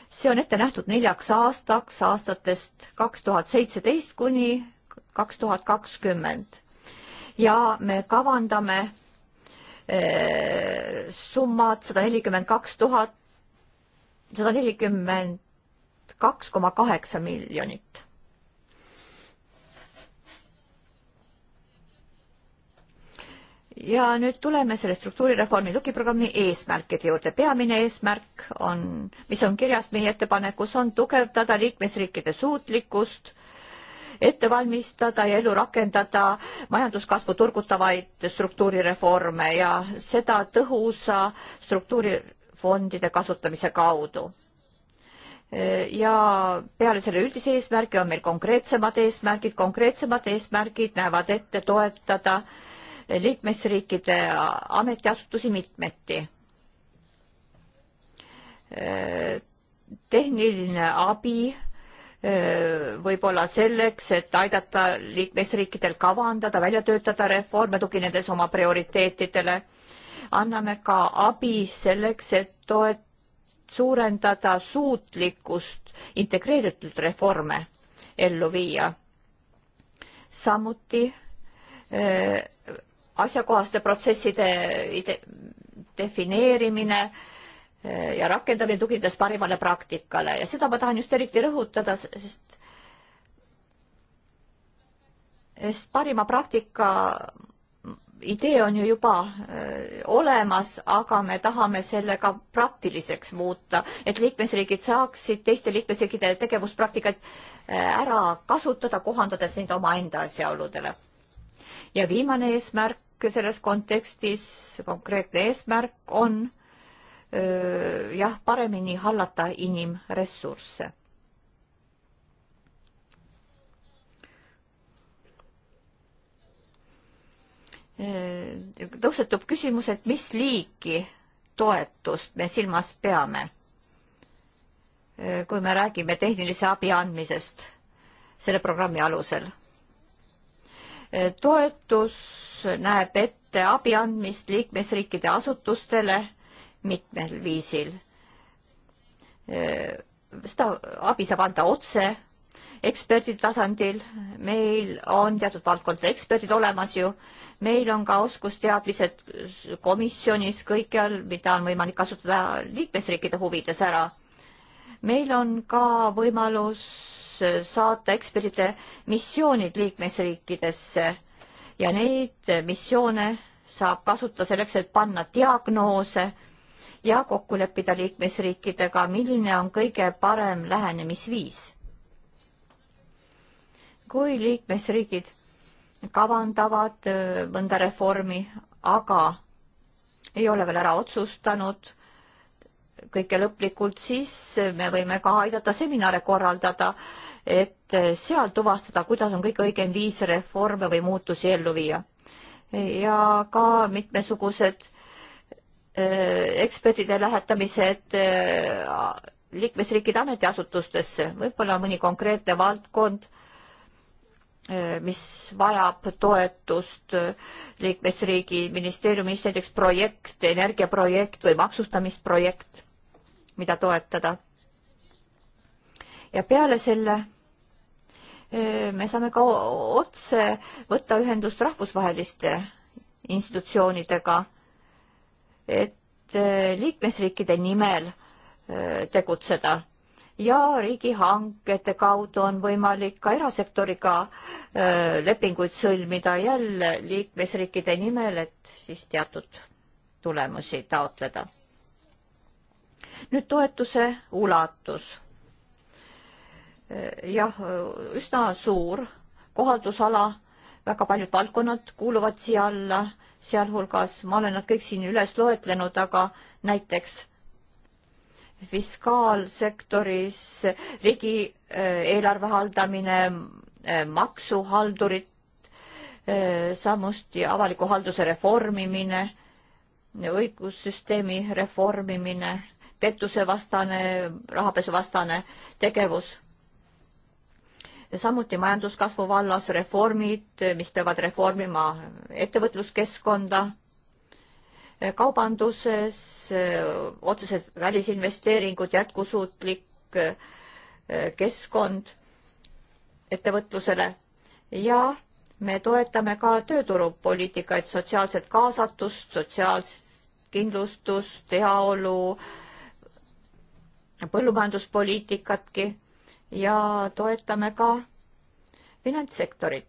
see on ette nähtud neljaks aastaks aastatest kaks tuhat seitseteist kuni kaks tuhat kakskümmend ja me kavandame eh, summad sada nelikümmend kaks tuhat, sada nelikümmend kaks koma kaheksa miljonit. ja nüüd tuleme selle struktuurireformi tugiprogrammi eesmärkide juurde. peamine eesmärk on, mis on kirjas meie ettepanekus, on tugevdada liikmesriikide suutlikkust äh, ette valmistada ja ellu rakendada majanduskasvu turgutavaid struktuurireforme ja seda tõhusa struktuurifondide kasutamise kaudu. ja peale selle üldise eesmärgi on meil konkreetsemad eesmärgid, konkreetsemad eesmärgid näevad ette toetada liikmesriikide ametiasutusi mitmeti tehniline abi võib-olla selleks, et aidata liikmesriikidel kavandada, välja töötada reforme, tuginedes oma prioriteetidele. anname ka abi selleks, et toet-, suurendada suutlikkust integreeritud reforme ellu viia. samuti äh, asjakohaste protsesside defineerimine äh, ja rakendamine tuginedes parimale praktikale ja seda ma tahan just eriti rõhutada, sest sest parima praktika idee on ju juba öö, äh, olemas, aga me tahame selle ka praktiliseks muuta, et liikmesriigid saaksid teiste liikmesriikide tegevuspraktikaid äh, ära kasutada, kohandades neid omaenda asjaoludele. ja viimane eesmärk selles kontekstis, konkreetne eesmärk on öö, jah, paremini hallata inimressursse. tõusetub küsimus, et mis liiki toetust me silmas peame, kui me räägime tehnilise abi andmisest selle programmi alusel. toetus näeb ette abi andmist liikmesriikide asutustele mitmel viisil. Äh, seda abi saab anda otse eksperdi tasandil, meil on teatud valdkondade eksperdid olemas ju, meil on ka oskusteadmised komisjonis kõikjal, mida on võimalik kasutada liikmesriikide huvides ära. meil on ka võimalus saata ekspertide missioonid liikmesriikidesse ja neid missioone saab kasutada selleks, et panna diagnoose ja kokku leppida liikmesriikidega, milline on kõige parem lähenemisviis. kui liikmesriigid kavandavad äh, mõnda reformi, aga ei ole veel ära otsustanud kõike lõplikult, siis me võime ka aidata seminare korraldada, et äh, seal tuvastada, kuidas on kõige õigem viis reforme või muutusi ellu viia. ja ka mitmesugused Äh, ekspertide lähetamised äh, liikmesriikide ametiasutustesse, võib-olla mõni konkreetne valdkond, äh, mis vajab toetust liikmesriigi ministeeriumis, näiteks projekt, energiaprojekt või maksustamisprojekt, mida toetada. ja peale selle me saame ka otse võtta ühendust rahvusvaheliste institutsioonidega et äh, liikmesriikide nimel äh, tegutseda ja riigihangete kaudu on võimalik ka erasektoriga äh, lepinguid sõlmida jälle liikmesriikide nimel, et siis teatud tulemusi taotleda. nüüd toetuse ulatus. jah, üsna suur kohaldusala, väga paljud valdkonnad kuuluvad siia alla sealhulgas, ma olen nad kõik siin üles loetlenud, aga näiteks fiskaalsektoris riigieelarve äh, haldamine, äh, maksuhaldurid, äh, samuti avaliku halduse reformimine, õigussüsteemi reformimine, pettusevastane, rahapesuvastane tegevus samuti majanduskasvu vallas reformid, mis peavad reformima ettevõtluskeskkonda, kaubanduses eh, otsesed välisinvesteeringud, jätkusuutlik eh, keskkond ettevõtlusele ja me toetame ka tööturupoliitikaid, sotsiaalset kaasatust, sotsiaalset kindlustust, heaolu, põllumajanduspoliitikatki ja toetame ka finantssektorit.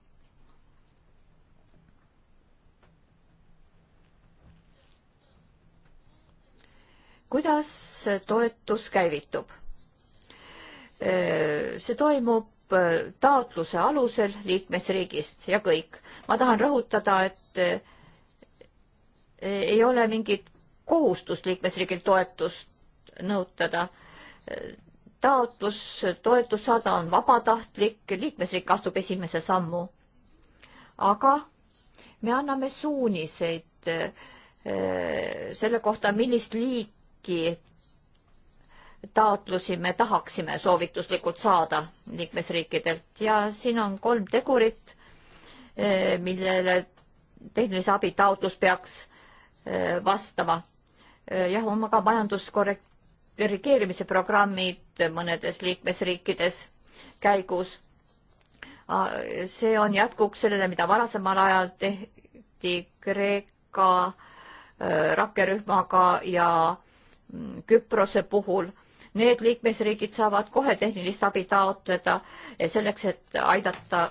kuidas toetus käivitub? see toimub äh, taotluse alusel liikmesriigist ja kõik. ma tahan rõhutada, et äh, ei ole mingit kohustust liikmesriigil toetust nõutada. Äh, taotlus toetust saada on vabatahtlik, liikmesriik astub esimese sammu. aga me anname suuniseid eh, selle kohta, millist liiki taotlusi me tahaksime soovituslikult saada liikmesriikidelt ja siin on kolm tegurit, eh, millele tehnilise abi taotlus peaks eh, vastama. jah, on ka majanduskorrekt-, reageerimise programmid mõnedes liikmesriikides käigus. see on jätkuks sellele, mida varasemal ajal tehti Kreeka rakkerühmaga ja mm, Küprose puhul. Need liikmesriigid saavad kohe tehnilist abi taotleda eh, selleks, et aidata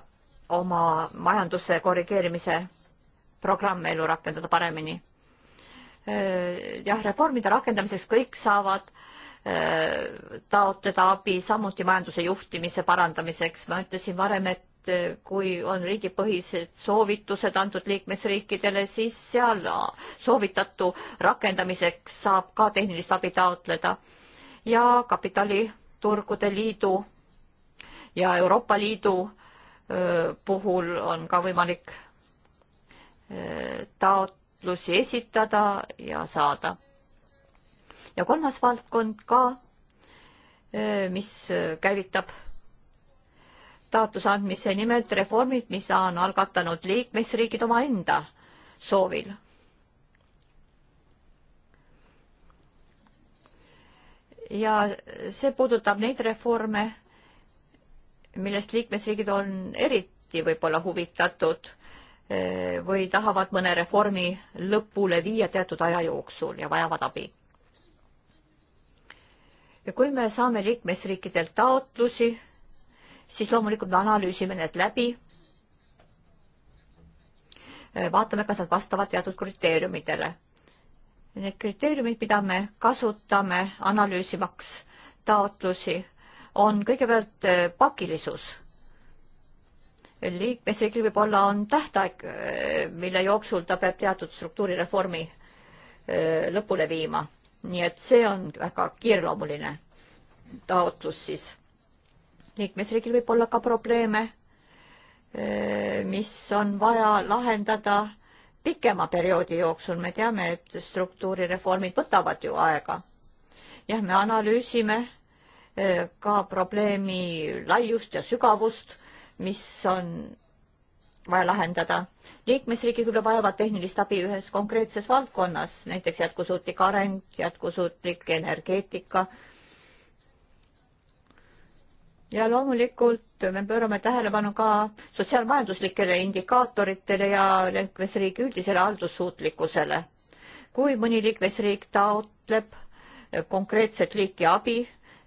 oma majanduse korrigeerimise programme ellu rakendada paremini jah, reformide rakendamiseks kõik saavad taotleda abi samuti majanduse juhtimise parandamiseks. ma ütlesin varem, et äh, kui on riigipõhised soovitused antud liikmesriikidele, siis seal äh, soovitatu rakendamiseks saab ka tehnilist abi taotleda ja kapitaliturgude liidu ja Euroopa Liidu äh, puhul on ka võimalik taotlusi esitada ja saada ja kolmas valdkond ka, mis käivitab taotluse andmise nimelt reformid, mis on algatanud liikmesriigid omaenda soovil. ja see puudutab neid reforme, millest liikmesriigid on eriti võib-olla huvitatud või tahavad mõne reformi lõpule viia teatud aja jooksul ja vajavad abi ja kui me saame liikmesriikidelt taotlusi, siis loomulikult me analüüsime need läbi. Äh, vaatame, kas nad vastavad teatud kriteeriumidele. Need kriteeriumid, mida me kasutame analüüsimaks taotlusi, on kõigepealt äh, pakilisus liikmesriigil võib-olla on tähtaeg, äh, mille jooksul ta peab teatud struktuurireformi lõpule viima nii et see on väga kiirloomuline taotlus siis. liikmesriigil võib olla ka probleeme, eh, mis on vaja lahendada pikema perioodi jooksul, me teame, et struktuurireformid võtavad ju aega. jah, me analüüsime eh, ka probleemi laiust ja sügavust, mis on vaja lahendada. liikmesriigid võib-olla vajavad tehnilist abi ühes konkreetses valdkonnas, näiteks jätkusuutlik areng, jätkusuutlik energeetika. ja loomulikult me pöörame tähelepanu ka sotsiaalmajanduslikele indikaatoritele ja liikmesriigi üldisele haldussuutlikkusele. kui mõni liikmesriik taotleb konkreetset liiki abi,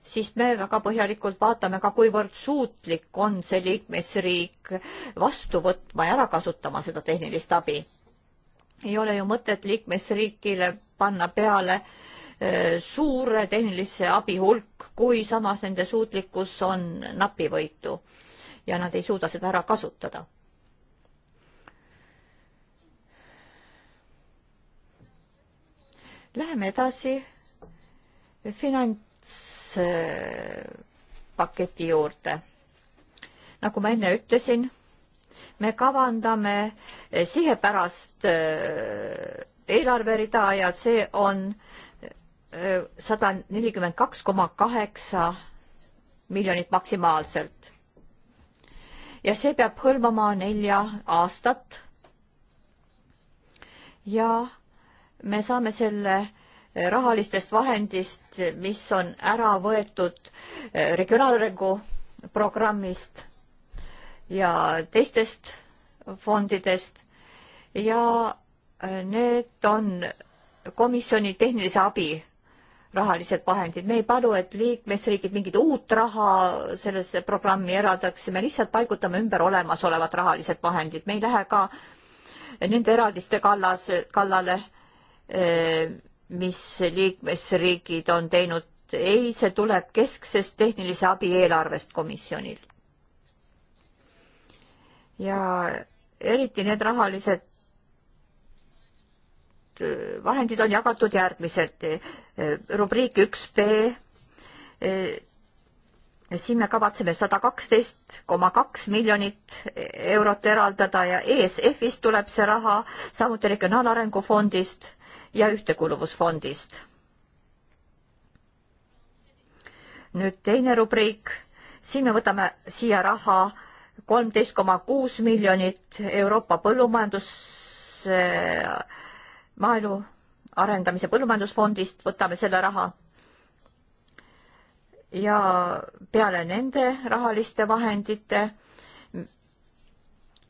siis me väga põhjalikult vaatame ka, kuivõrd suutlik on see liikmesriik vastu võtma ja ära kasutama seda tehnilist abi. ei ole ju mõtet liikmesriigile panna peale äh, suure tehnilise abi hulk, kui samas nende suutlikkus on napivõitu ja nad ei suuda seda ära kasutada. Läheme edasi. finants paketi juurde. nagu ma enne ütlesin, me kavandame sihepärast äh, eelarverida ja see on äh, sada nelikümmend kaks koma kaheksa miljonit maksimaalselt. ja see peab hõlmama nelja aastat. ja me saame selle rahalistest vahendist, mis on ära võetud eh, regionaalarengu programmist ja teistest fondidest ja eh, need on komisjoni tehnilise abi rahalised vahendid, me ei palu, et liikmesriigid mingit uut raha sellesse programmi eraldaks, me lihtsalt paigutame ümber olemasolevad rahalised vahendid, me ei lähe ka nende eraldiste kallas, kallale, eh, mis liikmesriigid on teinud. ei, see tuleb kesksest tehnilise abi eelarvest komisjonil. ja eriti need rahalised vahendid on jagatud järgmiselt. rubriik üks B. siin me kavatseme sada kaksteist koma kaks miljonit eurot eraldada ja ESF-ist tuleb see raha, samuti Regionaalarengu Fondist ja Ühtekuuluvusfondist. nüüd teine rubriik, siin me võtame siia raha kolmteist koma kuus miljonit Euroopa põllumajandus, eh, maaelu arendamise põllumajandusfondist, võtame selle raha. ja peale nende rahaliste vahendite,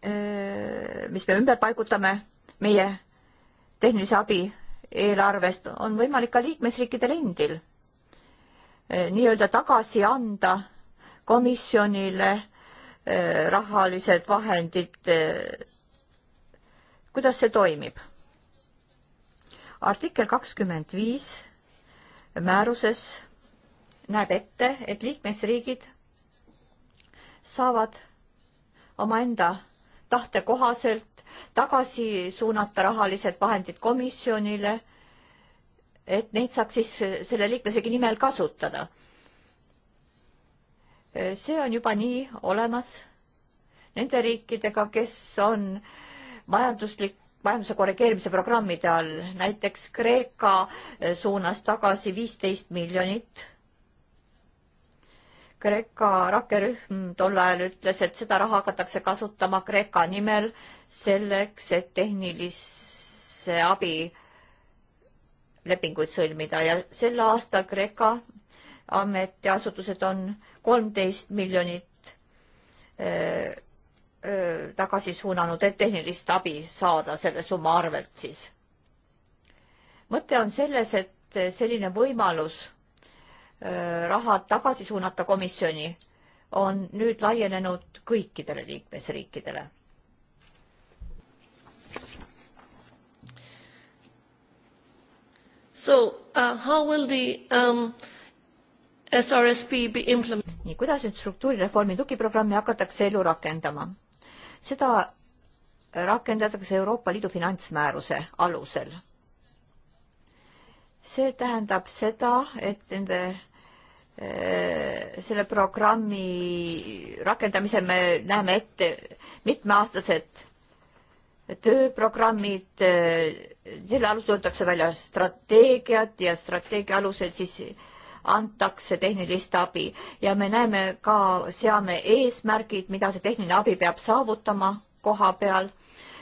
eh, mis me ümber paigutame, meie tehnilise abi eelarvest on võimalik ka liikmesriikidel endil eh, nii-öelda tagasi anda komisjonile eh, rahalised vahendid. Eh, kuidas see toimib? artikkel kakskümmend viis määruses näeb ette, et liikmesriigid saavad omaenda tahte kohaselt tagasi suunata rahalised vahendid komisjonile, et neid saaks siis selle liikmesriigi nimel kasutada. see on juba nii olemas nende riikidega, kes on majanduslik, majanduse korrigeerimise programmide all, näiteks Kreeka suunas tagasi viisteist miljonit Kreeka rakkerühm tol ajal ütles, et seda raha hakatakse kasutama Kreeka nimel selleks, et tehnilise abi lepinguid sõlmida ja sel aastal Kreeka ametiasutused on kolmteist miljonit öö, äh, öö, äh, tagasi suunanud, et tehnilist abi saada selle summa arvelt siis. mõte on selles, et selline võimalus Äh, rahad tagasi suunata komisjoni, on nüüd laienenud kõikidele liikmesriikidele. So uh, how will the um, SRSP be implemented? nii, kuidas nüüd struktuurireformi tugiprogrammi hakatakse ellu rakendama? seda rakendatakse Euroopa Liidu finantsmääruse alusel. see tähendab seda, et nende Äh, selle programmi rakendamisel me näeme ette mitmeaastased tööprogrammid, äh, selle alusel võetakse välja strateegiad ja strateegia alusel siis antakse tehnilist abi ja me näeme ka, seame eesmärgid, mida see tehniline abi peab saavutama koha peal.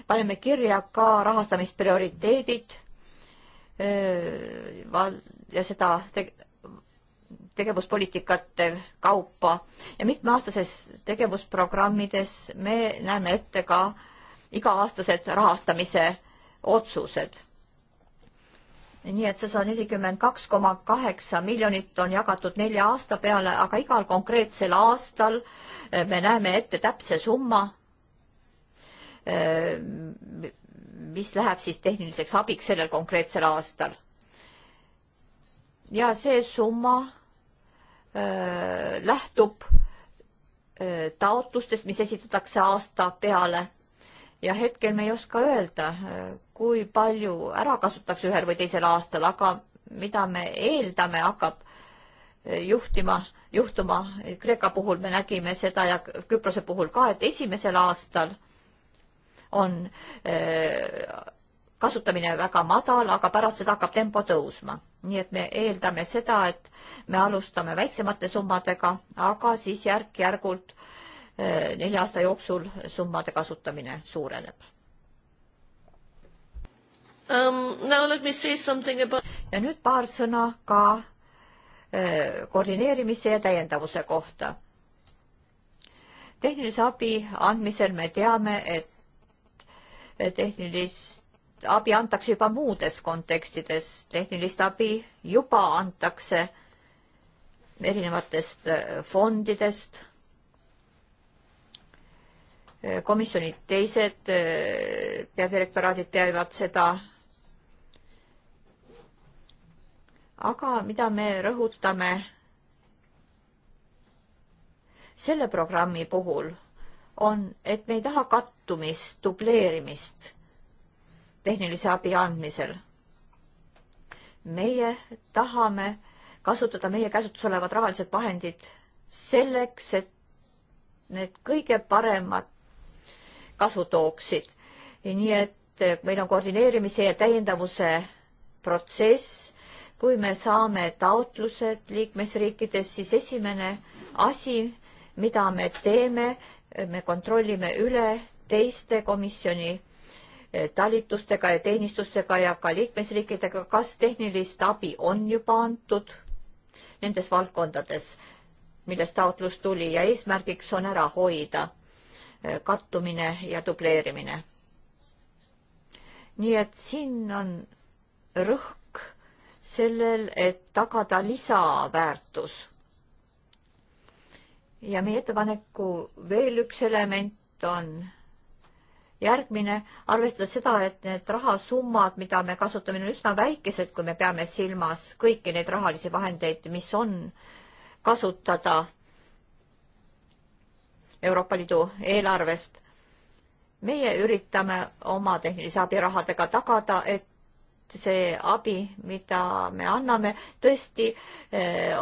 paneme kirja ka rahastamisprioriteedid äh, ja seda tegevuspoliitikate kaupa ja mitmeaastases tegevusprogrammides me näeme ette ka iga-aastased rahastamise otsused. nii et sada nelikümmend kaks koma kaheksa miljonit on jagatud nelja aasta peale, aga igal konkreetsel aastal eh, me näeme ette täpse summa, eh, mis läheb siis tehniliseks abiks sellel konkreetsel aastal. ja see summa Äh, lähtub äh, taotlustest, mis esitatakse aasta peale ja hetkel me ei oska öelda, äh, kui palju ära kasutatakse ühel või teisel aastal, aga mida me eeldame, hakkab juhtima, juhtuma. Kreeka puhul me nägime seda ja Küprose puhul ka, et esimesel aastal on äh, kasutamine väga madal, aga pärast seda hakkab tempo tõusma. nii et me eeldame seda, et me alustame väiksemate summadega, aga siis järk-järgult eh, nelja aasta jooksul summade kasutamine suureneb um,. About... ja nüüd paar sõna ka eh, koordineerimise ja täiendavuse kohta. tehnilise abi andmisel me teame, et eh, tehnilist abi antakse juba muudes kontekstides, tehnilist abi juba antakse erinevatest äh, fondidest. Äh, komisjoni teised äh, peadirektoraadid teavad seda. aga mida me rõhutame selle programmi puhul, on, et me ei taha kattumist, dubleerimist tehnilise abi andmisel. meie tahame kasutada meie käsutuses olevad rahalised vahendid selleks, et need kõige paremad kasu tooksid. nii et meil on koordineerimise ja täiendavuse protsess. kui me saame taotlused liikmesriikides, siis esimene asi, mida me teeme, me kontrollime üle teiste komisjoni talitustega ja teenistustega ja ka liikmesriikidega, kas tehnilist abi on juba antud nendes valdkondades, millest taotlus tuli ja eesmärgiks on ära hoida eh, kattumine ja dubleerimine. nii et siin on rõhk sellel, et tagada lisaväärtus. ja meie ettepaneku veel üks element on järgmine, arvestades seda, et need rahasummad, mida me kasutame, on üsna väikesed, kui me peame silmas kõiki neid rahalisi vahendeid, mis on kasutada Euroopa Liidu eelarvest. meie üritame oma tehnilise abi rahadega tagada, et see abi, mida me anname, tõesti eh,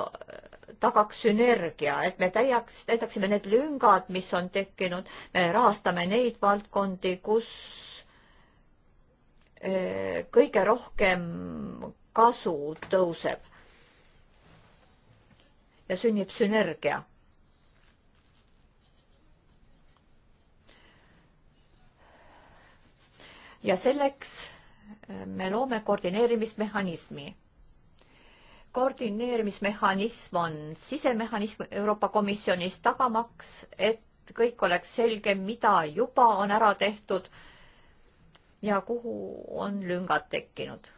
tagaks sünergia, et me täidaks, täidaksime need lüngad, mis on tekkinud, me rahastame neid valdkondi, kus eh, kõige rohkem kasu tõuseb ja sünnib sünergia. ja selleks eh, me loome koordineerimismehhanismi koordineerimismehhanism on sisemehhanism Euroopa Komisjonis tagamaks, et kõik oleks selge, mida juba on ära tehtud ja kuhu on lüngad tekkinud.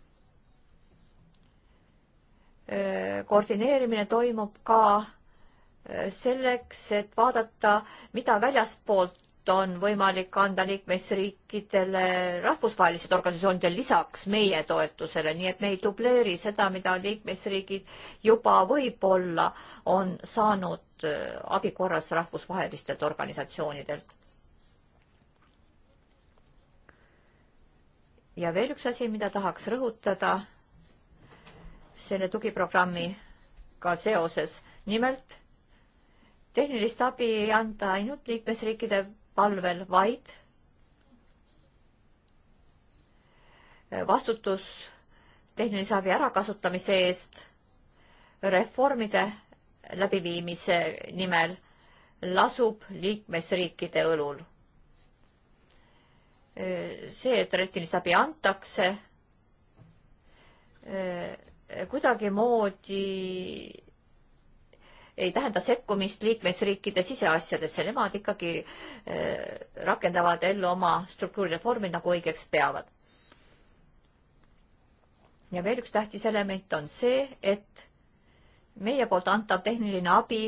koordineerimine toimub ka selleks, et vaadata, mida väljaspoolt on võimalik anda liikmesriikidele rahvusvahelised organisatsioonidel lisaks meie toetusele, nii et me ei dubleeri seda, mida liikmesriigid juba võib-olla on saanud äh, abi korras rahvusvahelistelt organisatsioonidelt. ja veel üks asi, mida tahaks rõhutada selle tugiprogrammiga seoses, nimelt tehnilist abi ei anda ainult liikmesriikide palvel, vaid vastutus tehnilise abi ärakasutamise eest reformide läbiviimise nimel lasub liikmesriikide õlul. see, et tehnilise abi antakse, kuidagimoodi ei tähenda sekkumist liikmesriikide siseasjadesse, nemad ikkagi eh, rakendavad ellu oma struktuurireformi nagu õigeks peavad. ja veel üks tähtis element on see, et meie poolt antav tehniline abi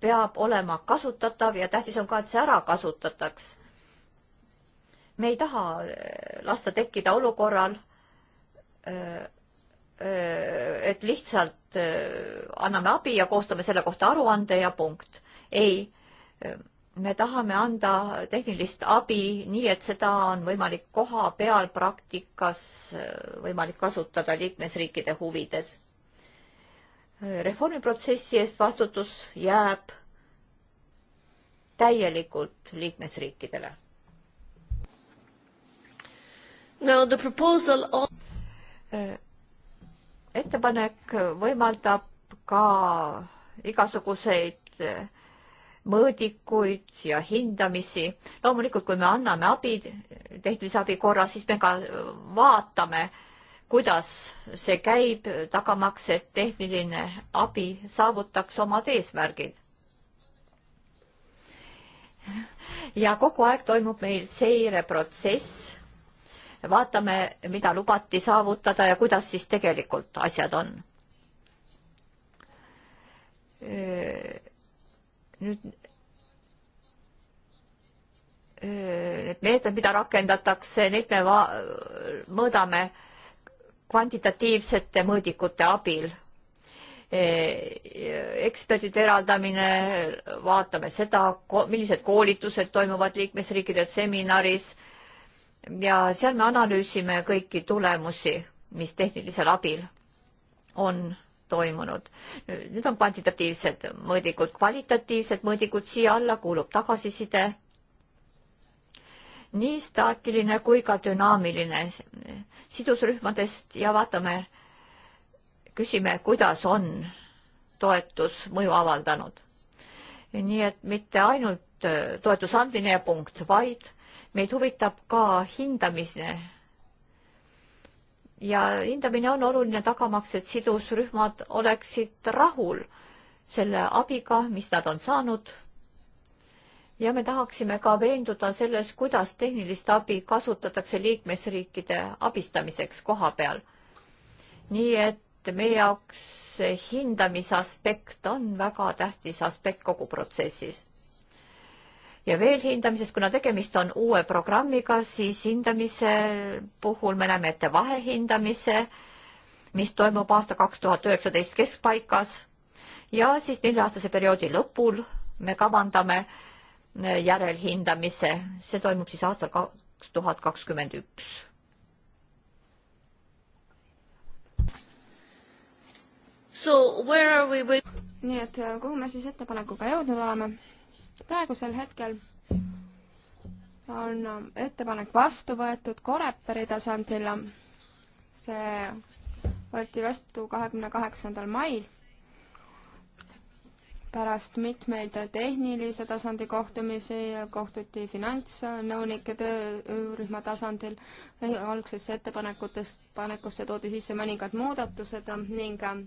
peab olema kasutatav ja tähtis on ka, et see ära kasutataks. me ei taha eh, lasta tekkida olukorral, eh, Äh, et lihtsalt äh, anname abi ja koostame selle kohta aruande ja punkt. ei, äh, me tahame anda tehnilist abi nii, et seda on võimalik koha peal praktikas võimalik kasutada liikmesriikide huvides. reformiprotsessi eest vastutus jääb täielikult liikmesriikidele. Now the proposal on ettepanek võimaldab ka igasuguseid mõõdikuid ja hindamisi. loomulikult, kui me anname abi, tehnilise abi korras, siis me ka vaatame, kuidas see käib, tagamaks, et tehniline abi saavutaks omad eesmärgid. ja kogu aeg toimub meil seireprotsess vaatame, mida lubati saavutada ja kuidas siis tegelikult asjad on. nüüd need meetmed, mida rakendatakse, neid me mõõdame kvantitatiivsete mõõdikute abil. eksperdide eraldamine, vaatame seda, millised koolitused toimuvad liikmesriikidel seminaris ja seal me analüüsime kõiki tulemusi, mis tehnilisel abil on toimunud. Need on kvantitatiivsed mõõdikud, kvalitatiivsed mõõdikud, siia alla kuulub tagasiside, nii staatiline kui ka dünaamiline sidusrühmadest ja vaatame, küsime, kuidas on toetus mõju avaldanud. nii et mitte ainult äh, toetuse andmine ja punkt, vaid meid huvitab ka hindamine. ja hindamine on oluline tagamaks, et sidusrühmad oleksid rahul selle abiga, mis nad on saanud. ja me tahaksime ka veenduda selles, kuidas tehnilist abi kasutatakse liikmesriikide abistamiseks koha peal. nii et meie jaoks hindamise aspekt on väga tähtis aspekt kogu protsessis ja veel hindamisest, kuna tegemist on uue programmiga, siis hindamise puhul me näeme ette vahehindamise, mis toimub aasta kaks tuhat üheksateist keskpaikas ja siis nelja-aastase perioodi lõpul me kavandame e, järelhindamise, see toimub siis aastal kaks tuhat kakskümmend üks. So where are we with? nii et kuhu me siis ettepanekuga jõudnud oleme? praegusel hetkel on um, ettepanek vastu võetud Koreperi tasandil. see võeti vastu kahekümne kaheksandal mail pärast mitmeid tehnilise tasandi kohtumisi, kohtuti finantsnõunike töörühma tasandil, algsesse ettepanekutest, panekusse toodi sisse mõningad muudatused ning äh,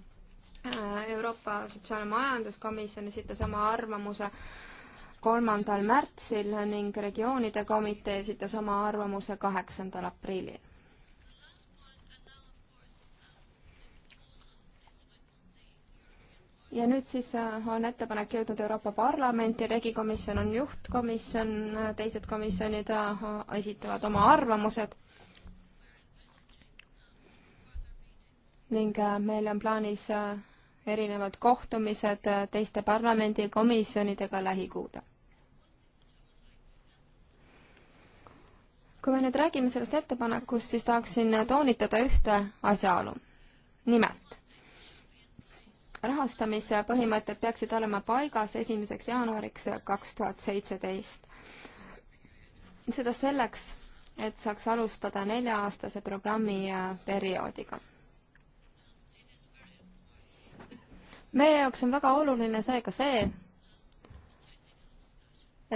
Euroopa Sotsiaal- ja Majanduskomisjon esitas oma arvamuse kolmandal märtsil ning regioonide komitee esitas oma arvamuse kaheksandal aprillil. ja nüüd siis äh, on ettepanek jõudnud Euroopa Parlamenti, regikomisjon on juhtkomisjon, teised komisjonid äh, esitavad oma arvamused. ning äh, meil on plaanis erinevad kohtumised äh, teiste parlamendikomisjonidega lähikuudel. kui me nüüd räägime sellest ettepanekust, siis tahaksin toonitada ühte asjaolu. nimelt, rahastamise põhimõtted peaksid olema paigas esimeseks jaanuariks kaks tuhat seitseteist. seda selleks, et saaks alustada nelja-aastase programmi äh, perioodiga meie jaoks on väga oluline seega see,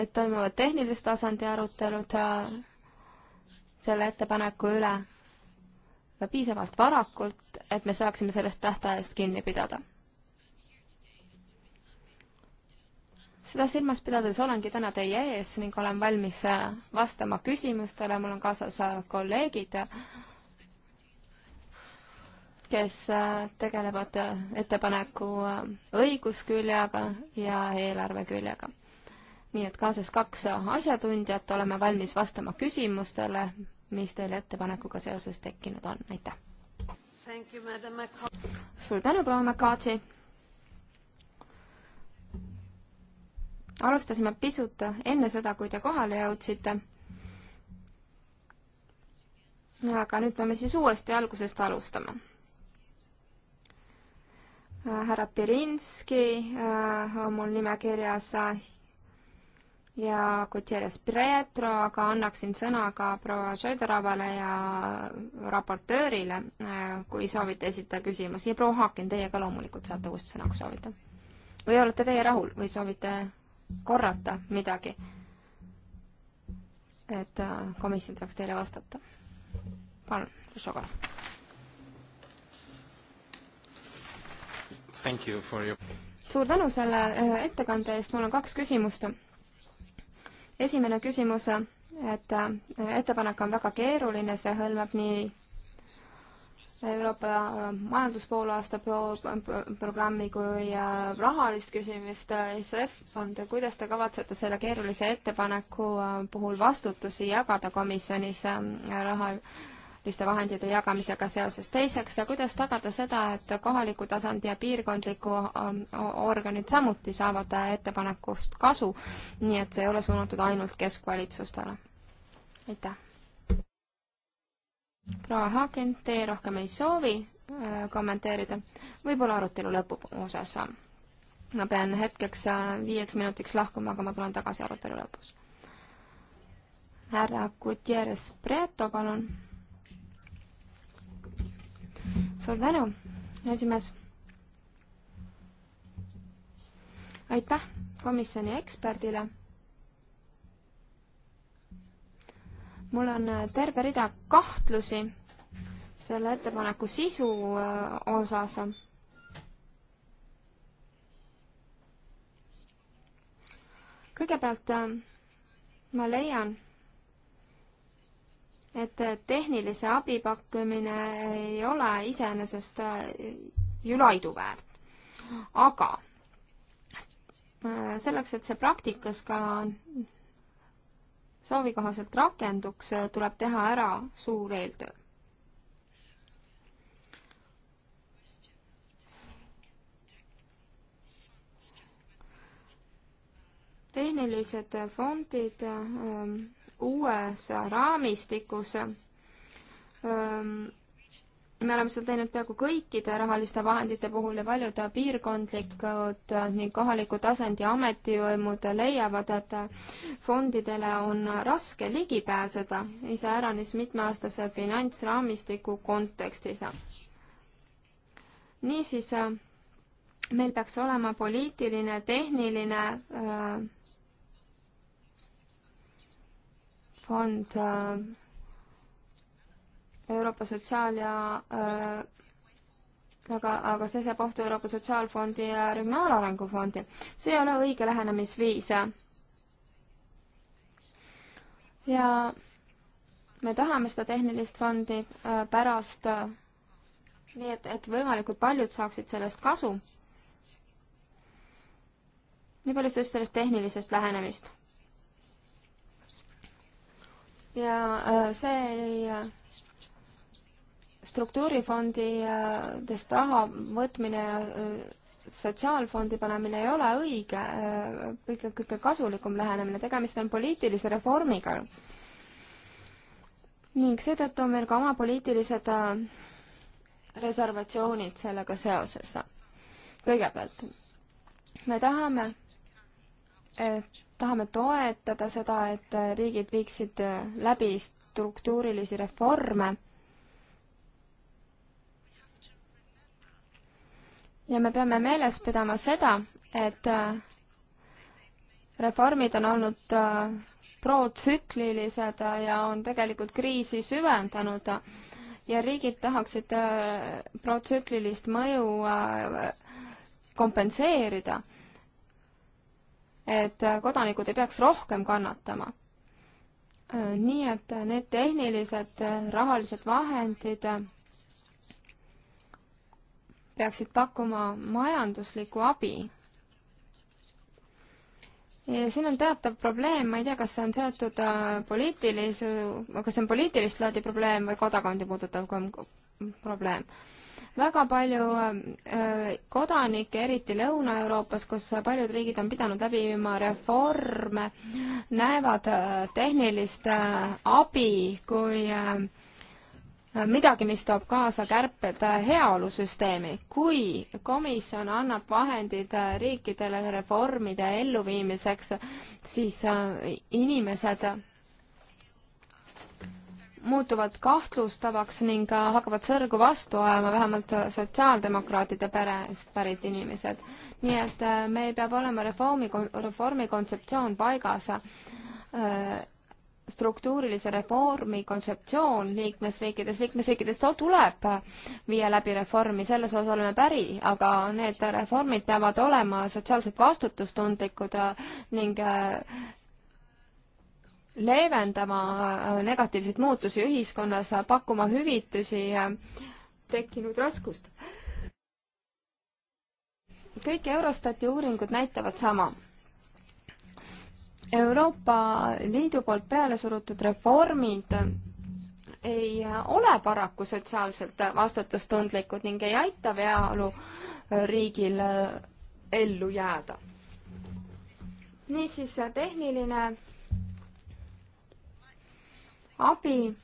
et toimuvad tehnilise tasandi arutelud äh, selle ettepaneku üle piisavalt varakult, et me saaksime sellest tähtajast kinni pidada. seda silmas pidades olengi täna teie ees ning olen valmis äh, vastama küsimustele, mul on kaasas äh, kolleegid kes äh, tegelevad äh, ettepaneku äh, õigusküljega ja eelarve küljega. nii et kaasas kaks asjatundjat, oleme valmis vastama küsimustele, mis teil ettepanekuga seoses tekkinud on, aitäh! suur tänu, proua McCarthy! alustasime pisut enne seda, kui te kohale jõudsite aga nüüd peame siis uuesti algusest alustama Äh, härra Pirinski äh, on mul nimekirjas äh, ja Gutierrez Pietro, aga annaksin sõna ka proua Šoidoravale ja raportöörile, kui soovite esitada küsimusi ja proua Haakin, teie ka loomulikult saate uuesti sõna, kui soovite. või olete teie rahul või soovite korrata midagi? et komisjon saaks teile vastata. palun, Šogar. You your... suur tänu selle äh, ettekande eest, mul on kaks küsimust. esimene küsimus, et äh, ettepanek on väga keeruline, see hõlmab nii Euroopa äh, majanduspoolaasta pro-, programmi kui rahalist küsimust SRF fonde, kuidas te kavatsete selle keerulise ettepaneku puhul vastutusi jagada komisjonis raha rahaliste vahendite jagamisega seoses. teiseks, kuidas tagada seda, et kohaliku tasandi ja piirkondliku um, organid samuti saavad äh, ettepanekust kasu, nii et see ei ole suunatud ainult keskvalitsustele? aitäh! proua Haagen, te rohkem ei soovi äh, kommenteerida, võib-olla arutelu lõpuosas. ma pean hetkeks äh, viieks minutiks lahkuma, aga ma tulen tagasi arutelu lõpus. härra Gutierrez Preto, palun suur tänu, esimees. aitäh komisjoni eksperdile. mul on äh, terve rida kahtlusi selle ettepaneku sisu äh, osas kõigepealt äh, ma leian, et tehnilise abi pakkumine ei ole iseenesest ju äh, laiduväärt. aga äh, selleks, et see praktikas ka soovikohaselt rakenduks, äh, tuleb teha ära suur eeltöö. tehnilised fondid ähm, uues raamistikus. me oleme seda teinud peaaegu kõikide rahaliste vahendite puhul ja paljud piirkondlikud äh, ning kohaliku tasandi ametivõimud leiavad, et fondidele on raske ligi pääseda, iseäranis mitmeaastase finantsraamistiku kontekstis. niisiis äh, meil peaks olema poliitiline, tehniline öö, äh, fond äh, Euroopa Sotsiaal- ja äh, aga, aga see seab ohtu Euroopa Sotsiaalfondi ja Regionaalarengu Fondi. see ei ole õige lähenemisviis. ja me tahame seda tehnilist fondi äh, pärast äh,, nii et, et võimalikult paljud saaksid sellest kasu. nii palju siis sellest tehnilisest lähenemist ja äh, see ei äh, struktuurifondidest äh, raha võtmine ja sotsiaalfondi panemine ei ole õige, kõige, kõige kasulikum lähenemine, tegemist on poliitilise reformiga. ning seetõttu on meil ka oma poliitilised reservatsioonid sellega seoses. kõigepealt, me tahame, et tahame toetada seda, et riigid viiksid läbi struktuurilisi reforme. ja me peame meeles pidama seda, et reformid on olnud protsüklilised ja on tegelikult kriisi süvendanud ja riigid tahaksid protsüklilist mõju kompenseerida et kodanikud ei peaks rohkem kannatama. nii et need tehnilised rahalised vahendid peaksid pakkuma majanduslikku abi. Ja siin on teatav probleem, ma ei tea, kas see on seotud äh, poliitilise, kas see on poliitilist laadi probleem või kodakondi puudutav probleem väga palju äh, kodanikke, eriti Lõuna-Euroopas, kus paljud riigid on pidanud läbi viima reforme, näevad äh, tehnilist äh, abi kui midagi, mis toob kaasa kärped heaolusüsteemi. kui komisjon annab vahendid riikidele reformide elluviimiseks, siis inimesed muutuvad kahtlustavaks ning äh, hakkavad sõrgu vastu ajama vähemalt äh, sotsiaaldemokraatide perest pärit inimesed. nii et äh, meil peab olema reformi, reformi kontseptsioon paigas, struktuurilise reformi kontseptsioon liikmesriikides, liikmesriikides tuleb viia läbi reformi, selles osas oleme päri, aga need reformid peavad olema sotsiaalselt vastutustundlikud ning leevendama äh, negatiivseid muutusi ühiskonnas, pakkuma hüvitusi tekkinud raskust. kõik Eurostati uuringud näitavad sama. Euroopa Liidu poolt peale surutud reformid ei ole paraku sotsiaalselt vastutustundlikud ning ei aita veaolu riigil äh, ellu jääda. niisiis tehniline abi,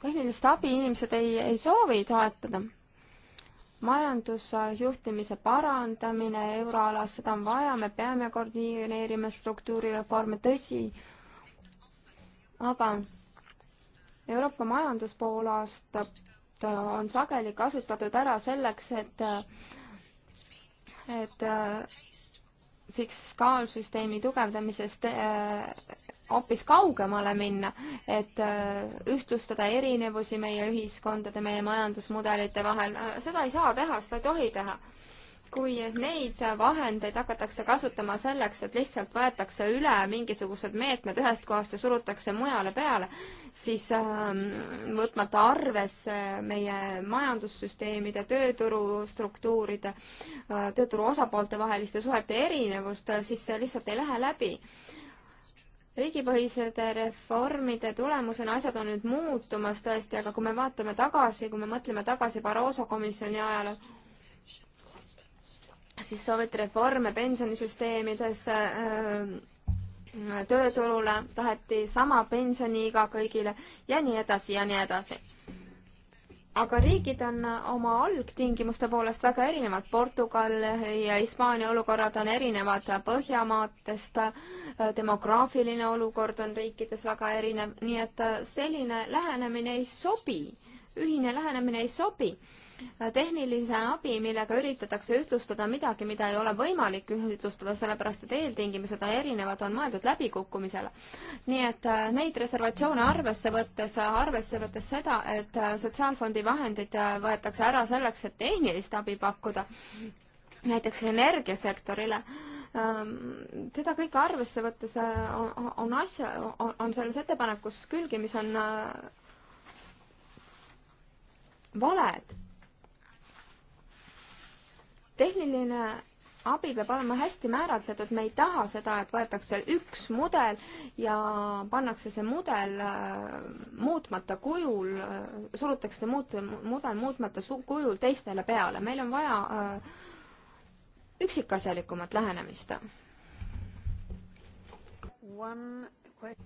tehnilist abi inimesed ei, ei soovi toetada. majandusjuhtimise parandamine euroalas, seda on vaja, me peame koordineerima struktuurireforme, tõsi, aga Euroopa majandus pool aastat äh, on sageli kasutatud ära selleks, et et äh, fiskaalsüsteemi tugevdamisest äh, hoopis kaugemale minna, et äh, ühtlustada erinevusi meie ühiskondade, meie majandusmudelite vahel, seda ei saa teha, seda ei tohi teha kui neid vahendeid hakatakse kasutama selleks, et lihtsalt võetakse üle mingisugused meetmed ühest kohast ja surutakse mujale peale, siis ähm, võtmata arvesse meie majandussüsteemide, tööturustruktuuride, äh, tööturu osapoolte vaheliste suhete erinevust, äh, siis see lihtsalt ei lähe läbi riigipõhisede reformide tulemusena asjad on nüüd muutumas tõesti, aga kui me vaatame tagasi, kui me mõtleme tagasi Barroso komisjoni ajale, siis sooviti reforme pensionisüsteemides, äh, tööturule taheti sama pensioniiga kõigile ja nii edasi ja nii edasi aga riigid on oma algtingimuste poolest väga erinevad. Portugal ja Hispaania olukorrad on erinevad Põhjamaadest, äh, demograafiline olukord on riikides väga erinev, nii et äh, selline lähenemine ei sobi, ühine lähenemine ei sobi tehnilise abi, millega üritatakse ühtlustada midagi, mida ei ole võimalik ühtlustada, sellepärast et eeltingimused on erinevad, on mõeldud läbikukkumisele. nii et äh, neid reservatsioone arvesse võttes, arvesse võttes seda, et äh, Sotsiaalfondi vahendid äh, võetakse ära selleks, et tehnilist abi pakkuda, näiteks energiasektorile, teda ähm, kõike arvesse võttes on, on asja, on selles ettepanekus külgi, mis on valed tehniline abi peab olema hästi määratletud, me ei taha seda, et võetakse üks mudel ja pannakse see mudel äh, muutmata kujul, äh, surutakse see muut-, mudel muutmata kujul teistele peale, meil on vaja äh, üksikasjalikumat lähenemist.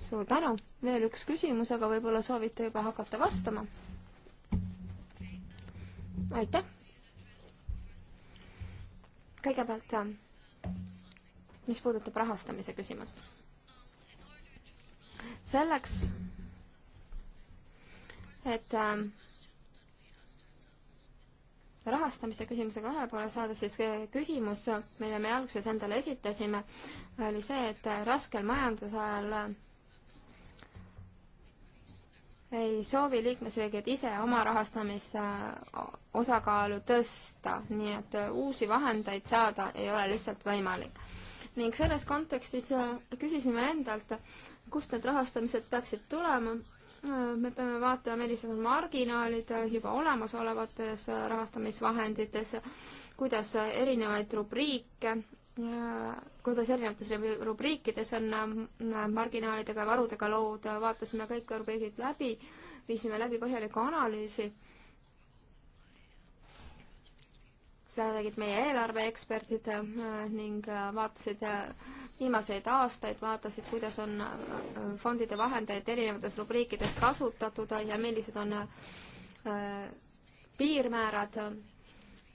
suur tänu, veel üks küsimus, aga võib-olla soovite juba hakata vastama? aitäh kõigepealt, äh, mis puudutab rahastamise küsimust. selleks, et äh, rahastamise küsimusega ühele poole saada, siis äh, küsimus, mille me alguses endale esitasime, oli see, et raskel majandusajal ei soovi liikmesriigid ise oma rahastamise äh, osakaalu tõsta, nii et äh, uusi vahendeid saada ei ole lihtsalt võimalik. ning selles kontekstis äh, küsisime endalt, kust need rahastamised peaksid tulema. me peame vaatama, millised on marginaalid juba olemasolevates rahastamisvahendites, kuidas erinevaid rubriike kuidas erinevates rubriikides on ähm, marginaalidega ja varudega lood, vaatasime kõik rubriigid läbi, viisime läbi põhjaliku analüüsi. seda tegid meie eelarveeksperdid äh, ning äh, vaatasid äh, viimaseid aastaid, vaatasid, kuidas on fondide vahendeid erinevates rubriikides kasutatud ja millised on piirmäärad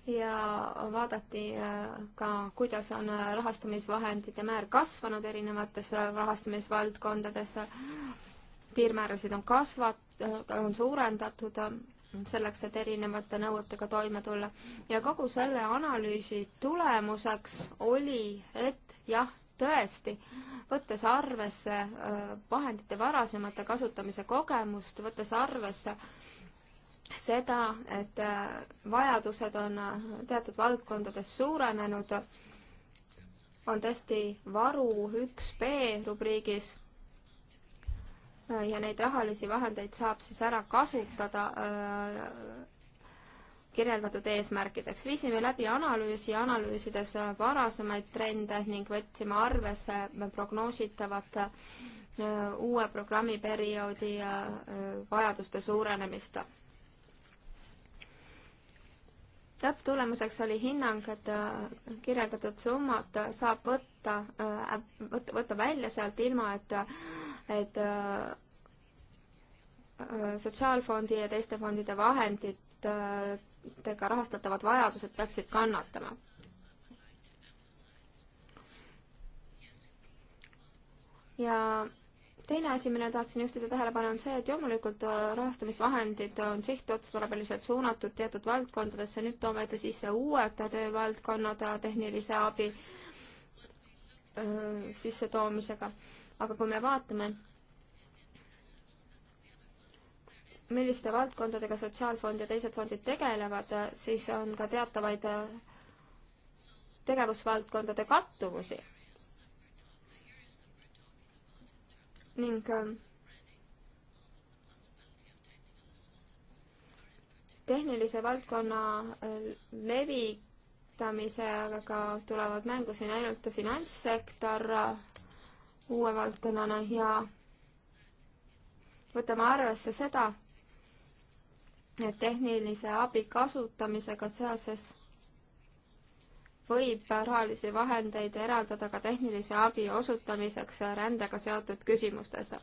ja vaadati äh, ka, kuidas on äh, rahastamisvahendite määr kasvanud erinevates äh, rahastamisvaldkondades. piirmäärasid on kasvat-, on suurendatud selleks, et erinevate nõuetega toime tulla. ja kogu selle analüüsi tulemuseks oli, et jah, tõesti, võttes arvesse vahendite varasemate kasutamise kogemust, võttes arvesse äh, seda, et äh, vajadused on äh, teatud valdkondades suurenenud, on tõesti varu üks B rubriigis äh, ja neid rahalisi vahendeid saab siis ära kasutada kirjeldatud eesmärkideks. viisime läbi analüüsi, analüüsides varasemaid trende ning võtsime arvesse prognoositavat uue programmiperioodi vajaduste suurenemist lõpptulemuseks oli hinnang, et äh, kirjeldatud summad saab võtta, äh, võtta, võtta välja sealt ilma, et, et äh, sotsiaalfondi ja teiste fondide vahenditega rahastatavad vajadused peaksid kannatama. ja teine asi, millele tahaksin juhtida tähelepanu, on see, et loomulikult äh, rahastamisvahendid on sihtotstarbeliselt suunatud teatud valdkondadesse, nüüd toome sisse uued töövaldkonnad äh, tehnilise abi äh, sissetoomisega. aga kui me vaatame, milliste valdkondadega Sotsiaalfond ja teised fondid tegelevad, siis on ka teatavaid tegevusvaldkondade kattuvusi ning ähm, tehnilise valdkonna äh, levitamisega tulevad mängu siin ainult finantssektor uue valdkonnana ja võtame arvesse seda, et tehnilise abi kasutamisega seoses võib rahalisi vahendeid eraldada ka tehnilise abi osutamiseks rändega seotud küsimustes.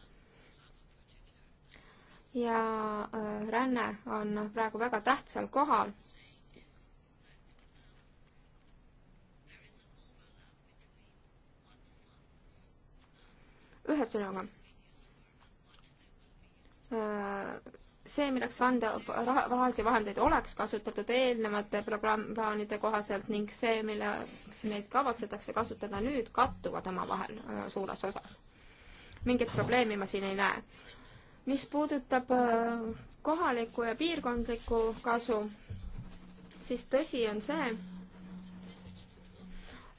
ja äh, ränne on praegu väga tähtsal kohal. ühesõnaga äh, see, milleks vanda, raha, rahalisi vahendeid oleks kasutatud eelnevate programm, plaanide kohaselt ning see, milleks neid kavatsetakse kasutada nüüd, kattuvad omavahel äh, suures osas. mingit probleemi ma siin ei näe. mis puudutab äh, kohalikku ja piirkondlikku kasu, siis tõsi on see,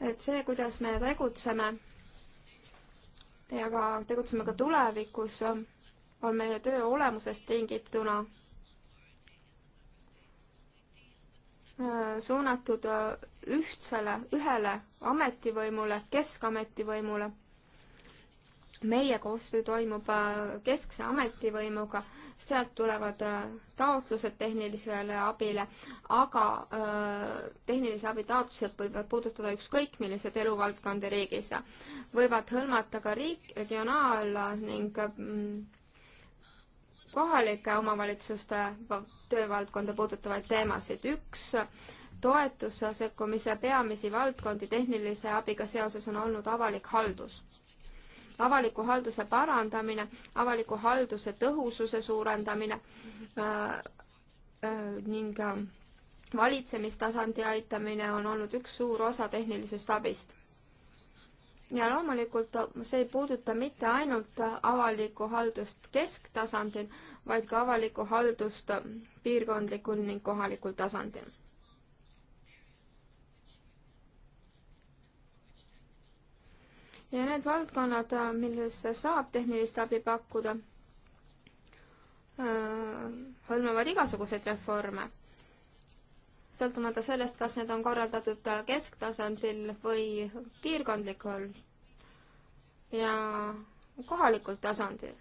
et see, kuidas me tegutseme ja ka tegutseme ka tulevikus, on meie töö olemusest tingituna äh, suunatud äh, ühtsele, ühele ametivõimule, keskametivõimule. meie koostöö toimub äh, keskse ametivõimuga, sealt tulevad taotlused tehnilisele abile, aga tehnilise abi taotlused võivad puudutada ükskõik milliseid eluvaldkondi riigis. võivad hõlmata ka riik, regionaal ning mm, kohalike omavalitsuste töövaldkonda puudutavaid teemasid. üks toetusse sekkumise peamisi valdkondi tehnilise abiga seoses on olnud avalik haldus. avaliku halduse parandamine, avaliku halduse tõhususe suurendamine äh, äh, ning äh, valitsemistasandi aitamine on olnud üks suur osa tehnilisest abist ja loomulikult see ei puuduta mitte ainult avalikku haldust kesktasandil, vaid ka avalikku haldust piirkondlikul ning kohalikul tasandil. ja need valdkonnad, millesse saab tehnilist abi pakkuda, äh, hõlmavad igasuguseid reforme sõltumata sellest, kas need on korraldatud äh, kesktasandil või piirkondlikul ja kohalikul tasandil.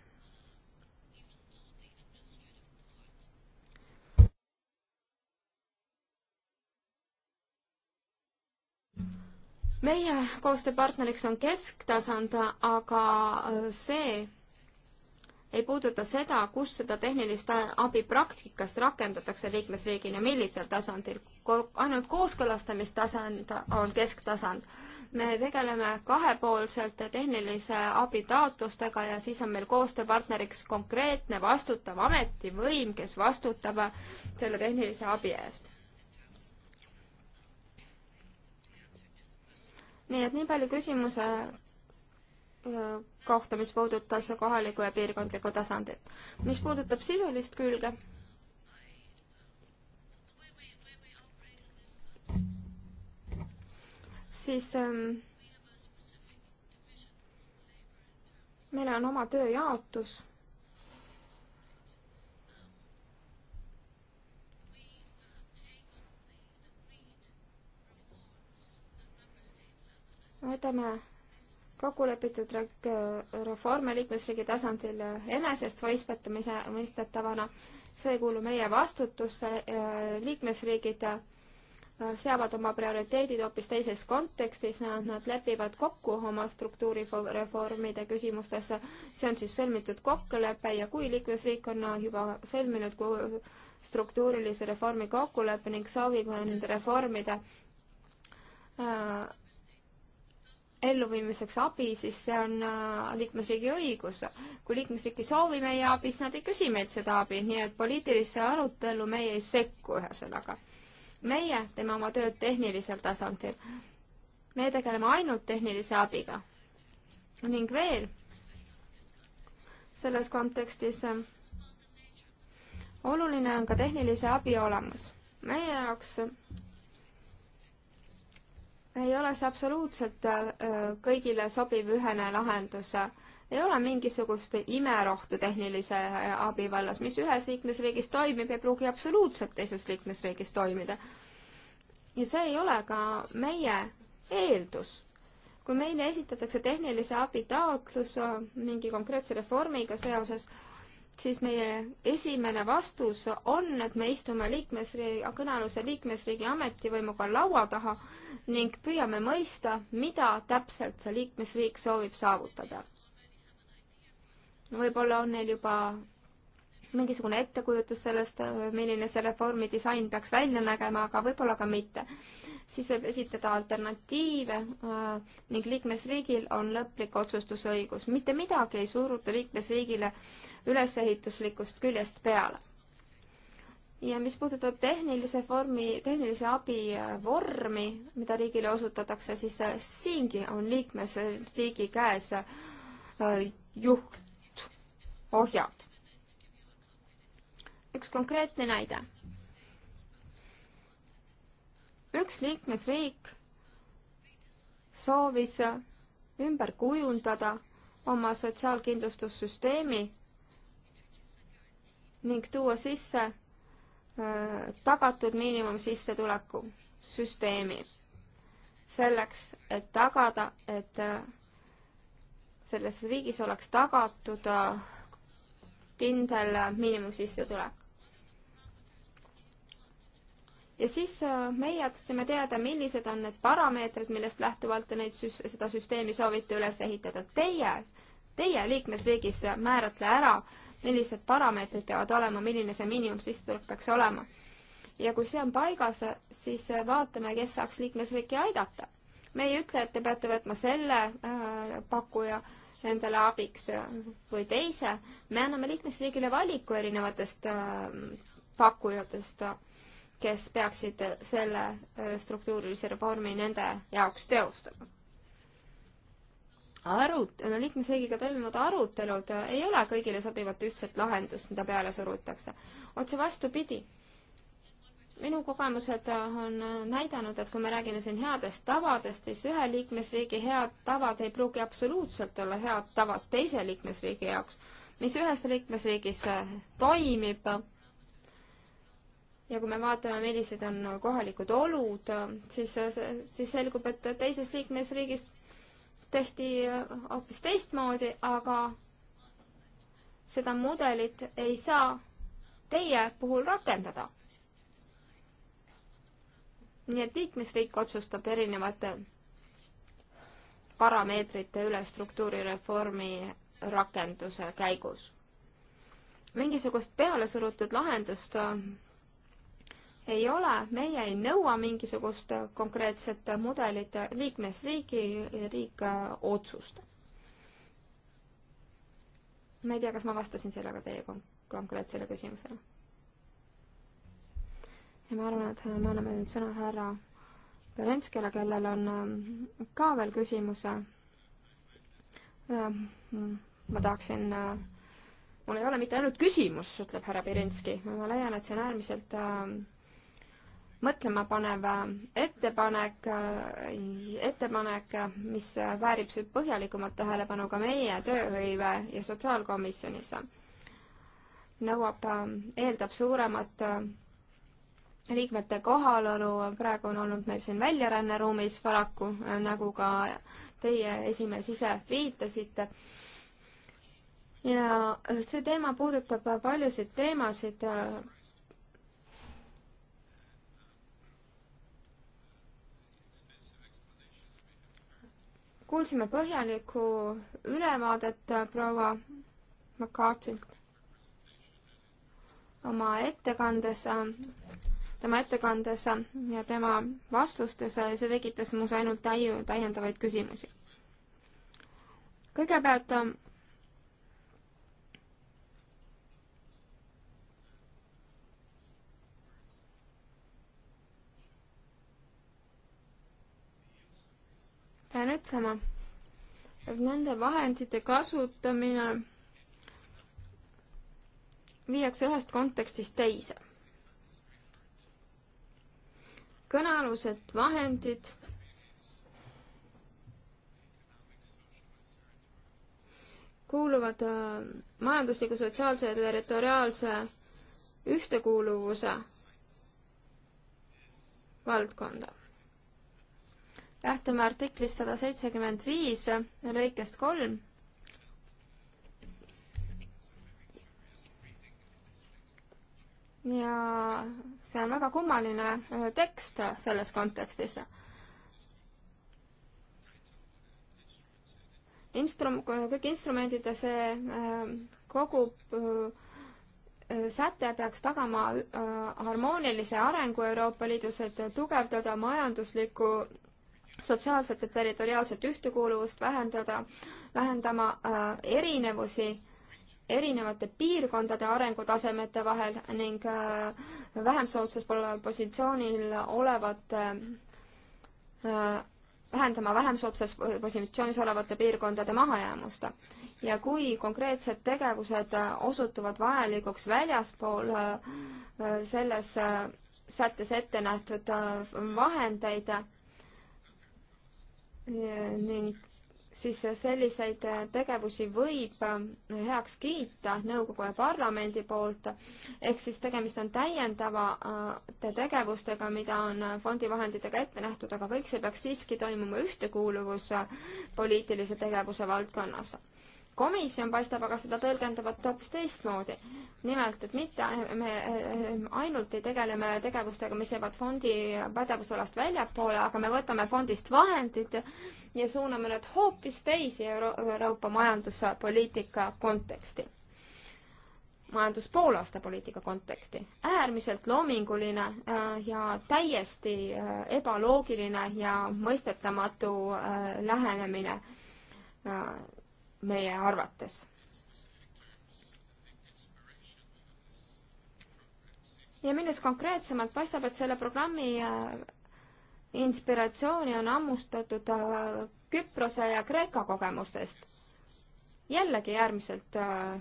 meie koostööpartneriks on kesktasand, aga äh, see ei puuduta seda, kus seda tehnilist abi praktikas rakendatakse liikmesriigil ja millisel tasandil. ainult kooskõlastamistasand on kesktasand. me tegeleme kahepoolselt tehnilise abi taotlustega ja siis on meil koostööpartneriks konkreetne vastutav ametivõim, kes vastutab selle tehnilise abi eest. nii et nii palju küsimuse kohta, mis puudutas kohalikku ja piirkondlikku tasandit. mis puudutab sisulist külge, siis ähm, meil on oma tööjaotus. võtame kokku lepitud reforme liikmesriigi tasandil enesestmõistetamise, mõistetavana. see ei kuulu meie vastutusse, liikmesriigid äh, seavad oma prioriteedid hoopis teises kontekstis, nad lepivad kokku oma struktuurireformide küsimustesse, see on siis sõlmitud kokkulepe ja kui liikmesriik on juba sõlminud struktuurilise reformi kokkuleppe ning soovib nende reformide äh, elluviimiseks abi, siis see on äh, liikmesriigi õigus. kui liikmesriik ei soovi meie abi, siis nad ei küsi meilt seda abi, nii et poliitilisse arutellu meie ei sekku, ühesõnaga. meie teeme oma tööd tehnilisel tasandil. me tegeleme ainult tehnilise abiga. ning veel, selles kontekstis äh, oluline on ka tehnilise abi olemus. meie jaoks ei ole see absoluutselt äh, kõigile sobiv ühene lahendus. ei ole mingisugust imerohtu tehnilise äh, abi vallas, mis ühes liikmesriigis toimib, ei pruugi absoluutselt teises liikmesriigis toimida. ja see ei ole ka meie eeldus. kui meile esitatakse tehnilise abi taotlus äh, mingi konkreetse reformiga seoses, siis meie esimene vastus on, et me istume liikmesriigi, kõnealuse liikmesriigi ametivõimuga laua taha ning püüame mõista, mida täpselt see liikmesriik soovib saavutada. võib-olla on neil juba mingisugune ettekujutus sellest, milline see reformi disain peaks välja nägema, aga võib-olla ka mitte. siis võib esitada alternatiive äh, ning liikmesriigil on lõplik otsustusõigus. mitte midagi ei suruta liikmesriigile ülesehituslikust küljest peale. ja mis puudutab tehnilise vormi, tehnilise abi äh, vormi, mida riigile osutatakse, siis äh, siingi on liikmesriigi käes äh, juht, ohjad üks konkreetne näide. üks liikmesriik soovis ümber kujundada oma sotsiaalkindlustussüsteemi ning tuua sisse tagatud miinimumsissetuleku süsteemi. selleks, et tagada, et selles riigis oleks tagatud kindel miinimumsissetulek ja siis äh, meie tahtsime teada, millised on need parameetrid, millest lähtuvalt te neid, seda süsteemi soovite üles ehitada. Teie, teie liikmesriigis määratle ära, millised parameetrid peavad olema, milline see miinimumsissetulek peaks olema. ja kui see on paigas, siis vaatame, kes saaks liikmesriiki aidata. me ei ütle, et te peate võtma selle äh, pakkuja endale abiks äh, või teise, me anname liikmesriigile valiku erinevatest äh, pakkujatest äh, kes peaksid selle äh, struktuurilise reformi nende jaoks teostama. arut-, no liikmesriigiga toimunud arutelud äh, ei ole kõigile sobivat ühtset lahendust, mida peale surutakse. otse vastupidi, minu kogemused äh, on näidanud, et kui me räägime siin headest tavadest, siis ühe liikmesriigi head tavad ei pruugi absoluutselt olla head tavad teise liikmesriigi jaoks. mis ühes liikmesriigis toimib, ja kui me vaatame, millised on kohalikud olud, siis, siis selgub, et teises liikmesriigis tehti hoopis teistmoodi, aga seda mudelit ei saa teie puhul rakendada. nii et liikmesriik otsustab erinevate parameetrite üle struktuurireformi rakenduse käigus. mingisugust pealesurutud lahendust ei ole, meie ei nõua mingisugust konkreetset mudelit, liikmesriigi riik äh, otsustab. ma ei tea, kas ma vastasin sellega teie konkreetsele küsimusele. ja ma arvan, et äh, me anname nüüd sõna härra Berenskile, kellel on äh, ka veel küsimuse. Ähm, ma tahaksin mul ei ole mitte ainult küsimus, ütleb härra Pirinski, ma leian, et see on äärmiselt äh, mõtlemapanev äh, ettepanek, äh, ettepanek, mis väärib põhjalikumat tähelepanu ka meie tööhõive ja sotsiaalkomisjonis. nõuab, äh, eeldab suuremat liikmete kohalolu, praegu on olnud meil siin väljaränneruumis paraku, nagu ka teie esimees ise viitasite ja see teema puudutab paljusid teemasid, kuulsime põhjalikku ülevaadet äh, proua McCarthy'lt oma ettekandes, äh, tema ettekandes äh, ja tema vastustes, see tekitas muus ainult täiu-, täiendavaid küsimusi. kõigepealt pean ütlema, et nende vahendite kasutamine viiakse ühest kontekstist teise. kõnealused vahendid kuuluvad äh, majandusliku, sotsiaalse ja territoriaalse ühtekuuluvuse valdkonda lähtume artiklist sada seitsekümmend viis lõikest kolm. ja see on väga kummaline äh, tekst selles kontekstis instrum-, kõik instrumendid ja see äh, kogu äh, säte peaks tagama äh, harmoonilise arengu Euroopa Liidus, et tugevdada majanduslikku sotsiaalset ja territoriaalset ühtekuuluvust vähendada, vähendama äh, erinevusi erinevate piirkondade arengutasemete vahel ning äh, vähem soodsas positsioonil olevate äh, vähendama vähem soodsas positsioonis olevate piirkondade mahajäämust. ja kui konkreetsed tegevused osutuvad vajalikuks väljaspool selles sättes ette nähtud vahendeid, ning siis selliseid tegevusi võib äh, heaks kiita nõukogu ja parlamendi poolt, ehk siis tegemist on täiendavate äh, tegevustega, mida on äh, fondivahenditega ette nähtud, aga kõik see peaks siiski toimuma ühtekuuluvuspoliitilise tegevuse valdkonnas komisjon paistab aga seda tõlgendavat hoopis teistmoodi. nimelt, et mitte me ainult ei tegele me tegevustega, mis jäävad fondi pädevusalast väljapoole, aga me võtame fondist vahendid ja suuname need hoopis teisi Euro Euroopa majanduspoliitika konteksti majandus poolaasta poliitika konteksti. äärmiselt loominguline äh, ja täiesti äh, ebaloogiline ja mõistetamatu äh, lähenemine meie arvates. ja minnes konkreetsemalt, paistab, et selle programmi äh, inspiratsiooni on ammustatud äh, Küprose ja Kreeka kogemustest. jällegi äärmiselt äh,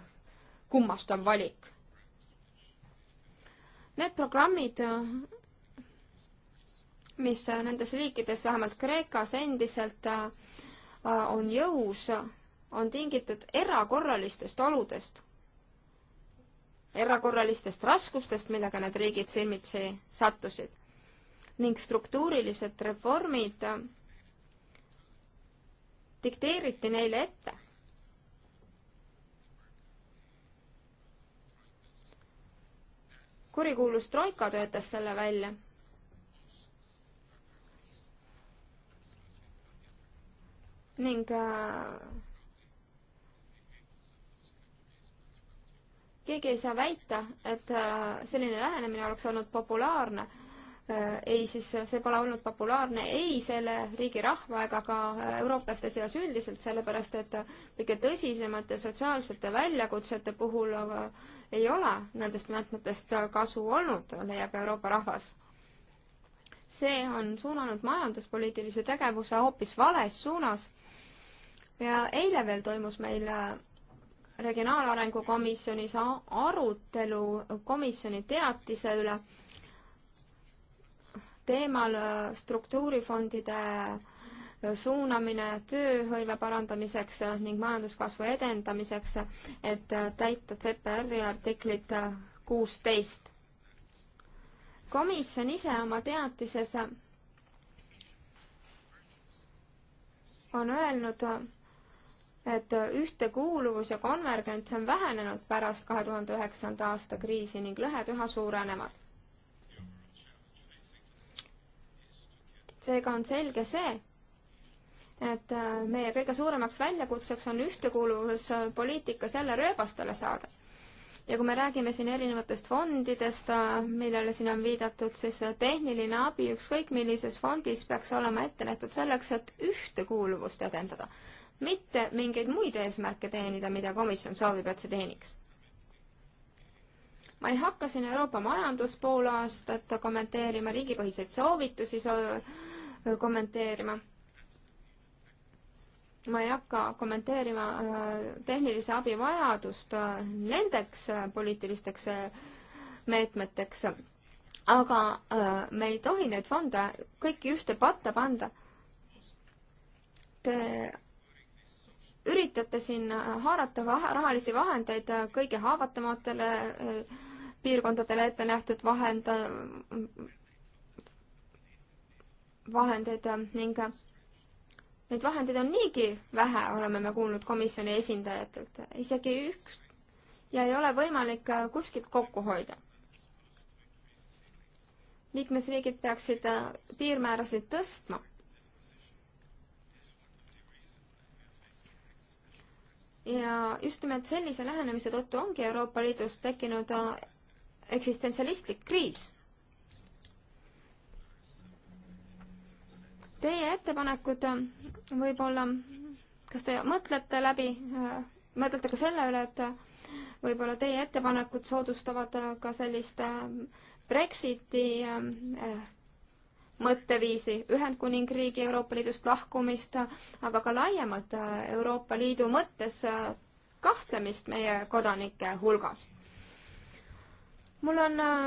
kummastav valik. Need programmid, mis nendes riikides, vähemalt Kreekas endiselt on jõus, on tingitud erakorralistest oludest, erakorralistest raskustest, millega need riigid silmitsi sattusid ning struktuurilised reformid äh, dikteeriti neile ette. kurikuulus Troika töötas selle välja ning äh, keegi ei saa väita, et äh, selline lähenemine oleks olnud populaarne. Äh, ei, siis see pole olnud populaarne ei selle riigi rahva ega ka äh, eurooplaste seas üldiselt, sellepärast et kõige tõsisemate sotsiaalsete väljakutsete puhul ei ole nendest meetmetest kasu olnud, leiab Euroopa rahvas see on suunanud majanduspoliitilise tegevuse hoopis vales suunas. ja eile veel toimus meil Regionaalarengu Komisjonis arutelu komisjoni teatise üle teemal äh, struktuurifondide äh, suunamine tööhõive parandamiseks äh, ning majanduskasvu edendamiseks, et täita CPR-i artiklit kuusteist. komisjon ise oma teatises on öelnud, et ühtekuuluvus ja konvergents on vähenenud pärast kahe tuhande üheksanda aasta kriisi ning lõhed üha suurenevad. seega on selge see, et meie kõige suuremaks väljakutseks on ühtekuuluvuspoliitikas jälle rööbastele saada. ja kui me räägime siin erinevatest fondidest, millele siin on viidatud, siis tehniline abi ükskõik millises fondis peaks olema ette nähtud selleks, et ühtekuuluvust edendada mitte mingeid muid eesmärke teenida, mida komisjon soovib, et see teeniks. ma ei hakka siin Euroopa majandus pool aastat kommenteerima, riigipõhiseid soovitusi soo kommenteerima. ma ei hakka kommenteerima äh, tehnilise abi vajadust äh, nendeks äh, poliitilisteks meetmeteks, aga me ei tohi neid fonde kõiki ühte patta panda. Te üritate siin haarata vahe, rahalisi vahendeid äh, kõige haavatavamatele äh, piirkondadele ette nähtud vahend, äh, vahendeid ning neid vahendeid on niigi vähe, oleme me kuulnud komisjoni esindajatelt, isegi üks ja ei ole võimalik kuskilt kokku hoida. liikmesriigid peaksid piirmäärasid tõstma ja just nimelt sellise lähenemise tõttu ongi Euroopa Liidus tekkinud äh, eksistentsialistlik kriis. Teie ettepanekud äh, võib-olla, kas te mõtlete läbi, äh, mõtlete ka selle üle, et võib-olla teie ettepanekud soodustavad ka sellist Brexiti mõtteviisi, Ühendkuningriigi Euroopa Liidust lahkumist, aga ka laiemalt äh, Euroopa Liidu mõttes äh, kahtlemist meie kodanike hulgas. mul on äh,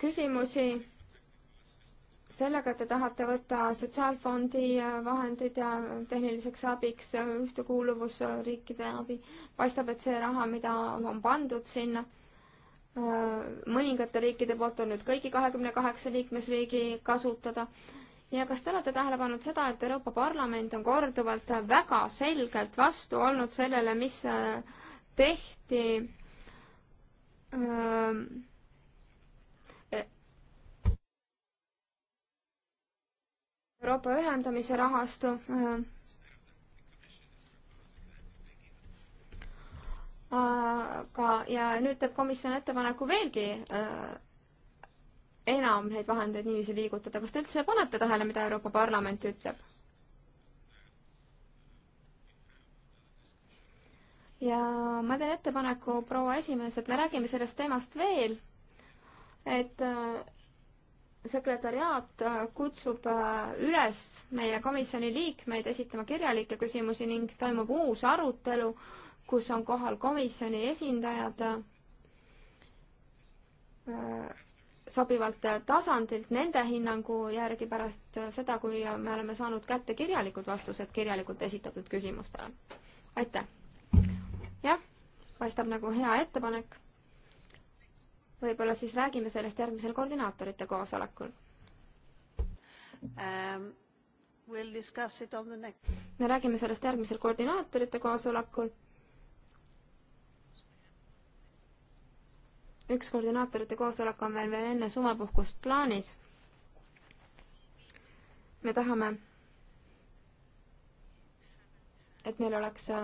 küsimusi sellega, et te tahate võtta sotsiaalfondi vahendid ja tehniliseks abiks ühtekuuluvusriikide abi. paistab, et see raha, mida on pandud sinna Äh, mõningate riikide poolt on nüüd kõigi kahekümne kaheksa liikmesriigi kasutada. ja kas te olete tähele pannud seda, et Euroopa Parlament on korduvalt väga selgelt vastu olnud sellele, mis äh, tehti ähm, e-, Euroopa ühendamise rahastu äh, aga, ja nüüd teeb komisjon ettepaneku veelgi äh, enam neid vahendeid niiviisi liigutada. kas te üldse panete tähele, mida Euroopa Parlament ütleb? ja ma teen ettepaneku, proua esimees, et me räägime sellest teemast veel, et äh, sekretäriaat äh, kutsub üles meie komisjoni liikmeid esitama kirjalikke küsimusi ning toimub uus arutelu äh, kus on kohal komisjoni esindajad äh, sobivalt tasandilt nende hinnangu järgi pärast seda, kui me oleme saanud kätte kirjalikud vastused kirjalikult esitatud küsimustele. aitäh! jah, paistab nagu hea ettepanek. võib-olla siis räägime sellest järgmisel koordinaatorite koosolekul um,. We'll discuss it on the next. me räägime sellest järgmisel koordinaatorite koosolekul üks koordinaatorite koosolek on meil veel enne suvepuhkust plaanis. me tahame, et meil oleks äh,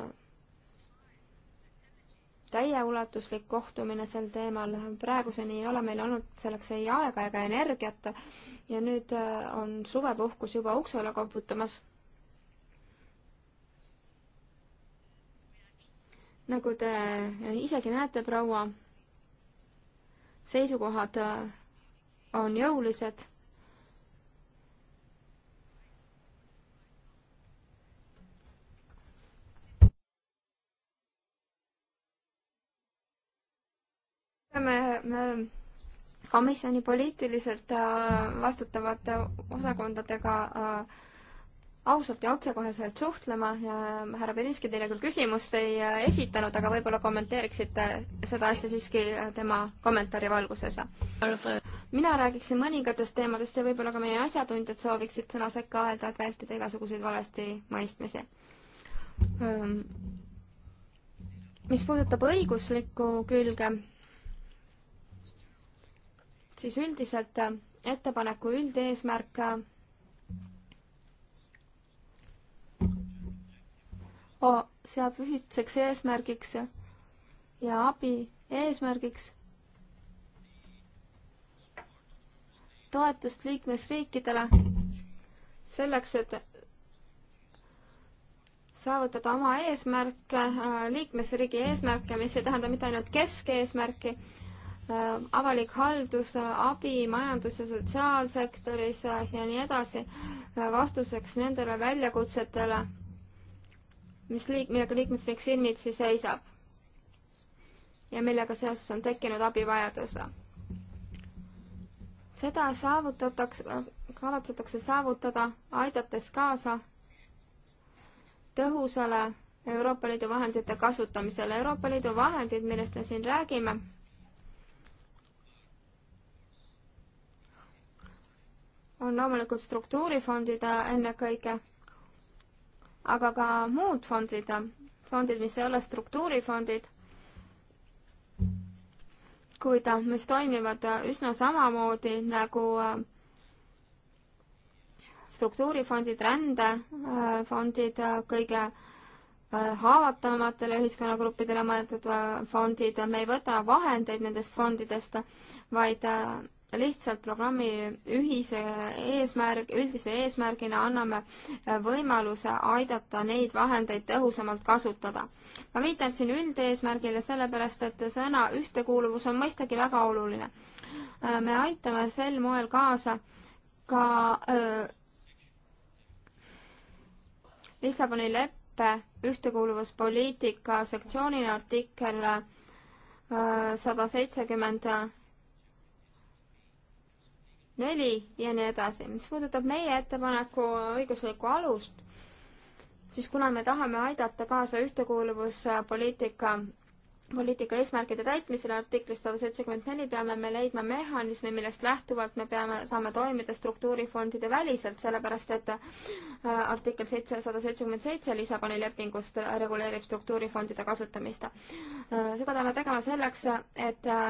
täieulatuslik kohtumine sel teemal. praeguseni ei ole meil olnud selleks ei aega ega energiat ja nüüd äh, on suvepuhkus juba uksele koputamas. nagu te äh, isegi näete, proua, seisukohad äh, on jõulised me, me komisjoni poliitiliselt äh, vastutavate osakondadega äh, ausalt ja otsekoheselt suhtlema ja härra Berinski teile küll küsimust ei äh, esitanud, aga võib-olla kommenteeriksite seda asja siiski äh, tema kommentaari valguses. mina räägiksin mõningatest teemadest ja võib-olla ka meie asjatundjad sooviksid sõna sekka öelda, et vältida igasuguseid valesti mõistmisi. mis puudutab õiguslikku külge, siis üldiselt äh, ettepaneku üldeesmärk seab ühiseks eesmärgiks ja abi eesmärgiks toetust liikmesriikidele selleks, et saavutada oma eesmärke, äh, liikmesriigi eesmärke, mis ei tähenda mitte ainult keskeesmärki, äh, avalik haldus, abi majandus- ja sotsiaalsektoris äh, ja nii edasi, vastuseks nendele väljakutsetele mis liik-, millega liikmesriik silmitsi seisab ja millega seoses on tekkinud abivajadus. seda saavutatakse, kavatsetakse saavutada, aidates kaasa tõhusale Euroopa Liidu vahendite kasutamisele. Euroopa Liidu vahendid, millest me siin räägime, on loomulikult struktuurifondid ennekõike aga ka muud fondid, fondid, mis ei ole struktuurifondid, kuid mis toimivad üsna samamoodi nagu äh, struktuurifondid, rändefondid, äh, kõige äh, haavatavamatele ühiskonnagruppidele mõeldud fondid, me ei võta vahendeid nendest fondidest, vaid lihtsalt programmi ühise eesmärg, üldise eesmärgina anname äh, võimaluse aidata neid vahendeid tõhusamalt kasutada. ma viitan siin üldeesmärgile sellepärast, et sõna ühtekuuluvus on mõistagi väga oluline. Äh, me aitame sel moel kaasa ka öö, äh, Lissaboni leppe ühtekuuluvuspoliitika sektsioonina artikkel sada seitsekümmend neli ja nii edasi. mis puudutab meie ettepaneku õiguslikku alust, siis kuna me tahame aidata kaasa ühtekuuluvuspoliitika poliitika eesmärkide täitmisele artiklist sada seitsekümmend neli peame me leidma mehhanismi, millest lähtuvalt me peame, saame toimida struktuurifondide väliselt, sellepärast et äh, artikkel seitsesada seitsekümmend seitse Lissaboni lepingust reguleerib struktuurifondide kasutamist. Äh, seda peame tegema selleks, et äh,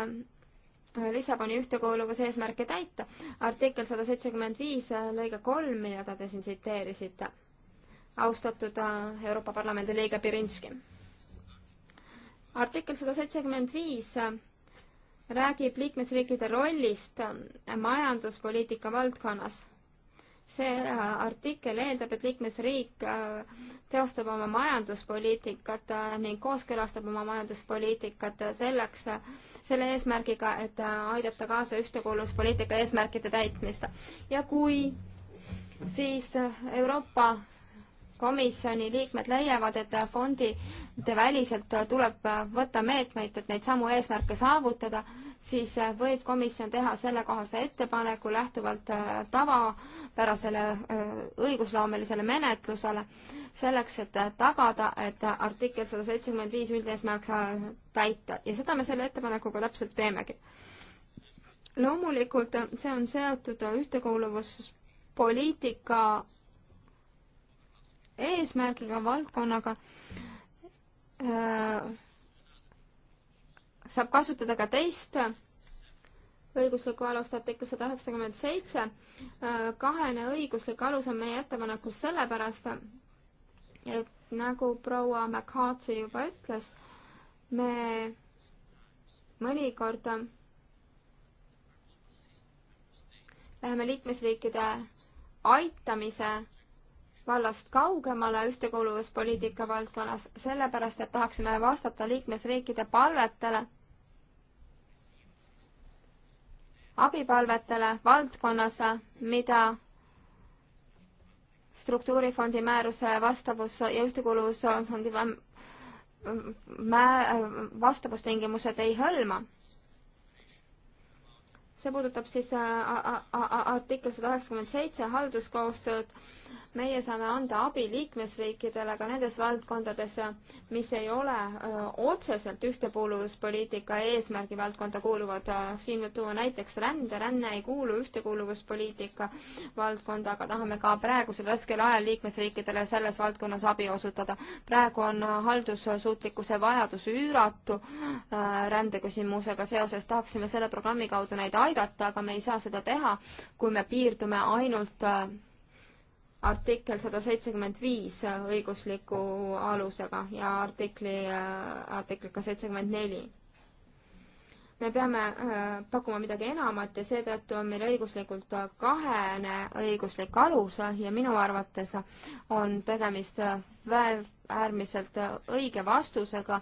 Lissaboni ühtekuuluvuseesmärke täita. artikkel sada seitsekümmend viis lõige kolm, mida te siin tsiteerisite. austatud äh, Euroopa Parlamendi liige Pirinski. artikkel sada seitsekümmend viis äh, räägib liikmesriikide rollist äh, majanduspoliitika valdkonnas. see artikkel eeldab, et liikmesriik teostab oma majanduspoliitikat ning kooskõlastab oma majanduspoliitikat selleks, selle eesmärgiga, et aidata kaasa ühtekuuluvuspoliitika eesmärkide täitmist. ja kui siis Euroopa komisjoni liikmed leiavad, et fondide väliselt tuleb võtta meetmeid, et neid samu eesmärke saavutada, siis võib komisjon teha sellekohase ettepaneku lähtuvalt äh, tavapärasele äh, õigusloomelisele menetlusele, selleks et tagada, et artikkel sada seitsekümmend viis üldeesmärk äh, täita ja seda me selle ettepanekuga täpselt teemegi loomulikult see on seotud ühtekuuluvuspoliitika eesmärgiga, valdkonnaga äh,, saab kasutada ka teist õiguslikku alust artikkel sada üheksakümmend seitse. Äh, kahene õiguslik alus on meie ettepanekus sellepärast, et nagu proua McCarthy juba ütles, me mõnikord läheme liikmesriikide aitamise vallast kaugemale ühtekuuluvuspoliitika valdkonnas, sellepärast et tahaksime vastata liikmesriikide palvetele, abipalvetele valdkonnas, mida struktuurifondi määruse vastavus ja ühtekuuluvusfondi vastavustingimused ei hõlma. see puudutab siis äh, artikkel sada üheksakümmend seitse halduskoostööd meie saame anda abi liikmesriikidele ka nendes valdkondades, mis ei ole otseselt ühtekuuluvuspoliitika eesmärgi valdkonda kuuluvad. siin võib tuua näiteks rände, ränne ei kuulu ühtekuuluvuspoliitika valdkonda, aga tahame ka praegusel raskel ajal liikmesriikidele selles valdkonnas abi osutada. praegu on haldussuutlikkuse vajadus üüratu rändeküsimusega seoses, tahaksime selle programmi kaudu neid aidata, aga me ei saa seda teha, kui me piirdume ainult ainult artikkel sada seitsekümmend viis õigusliku alusega ja artikli, äh, artikliga seitsekümmend neli. me peame äh, pakkuma midagi enamat ja seetõttu on meil õiguslikult äh, kahene õiguslik alus ja minu arvates on tegemist äärmiselt õige vastusega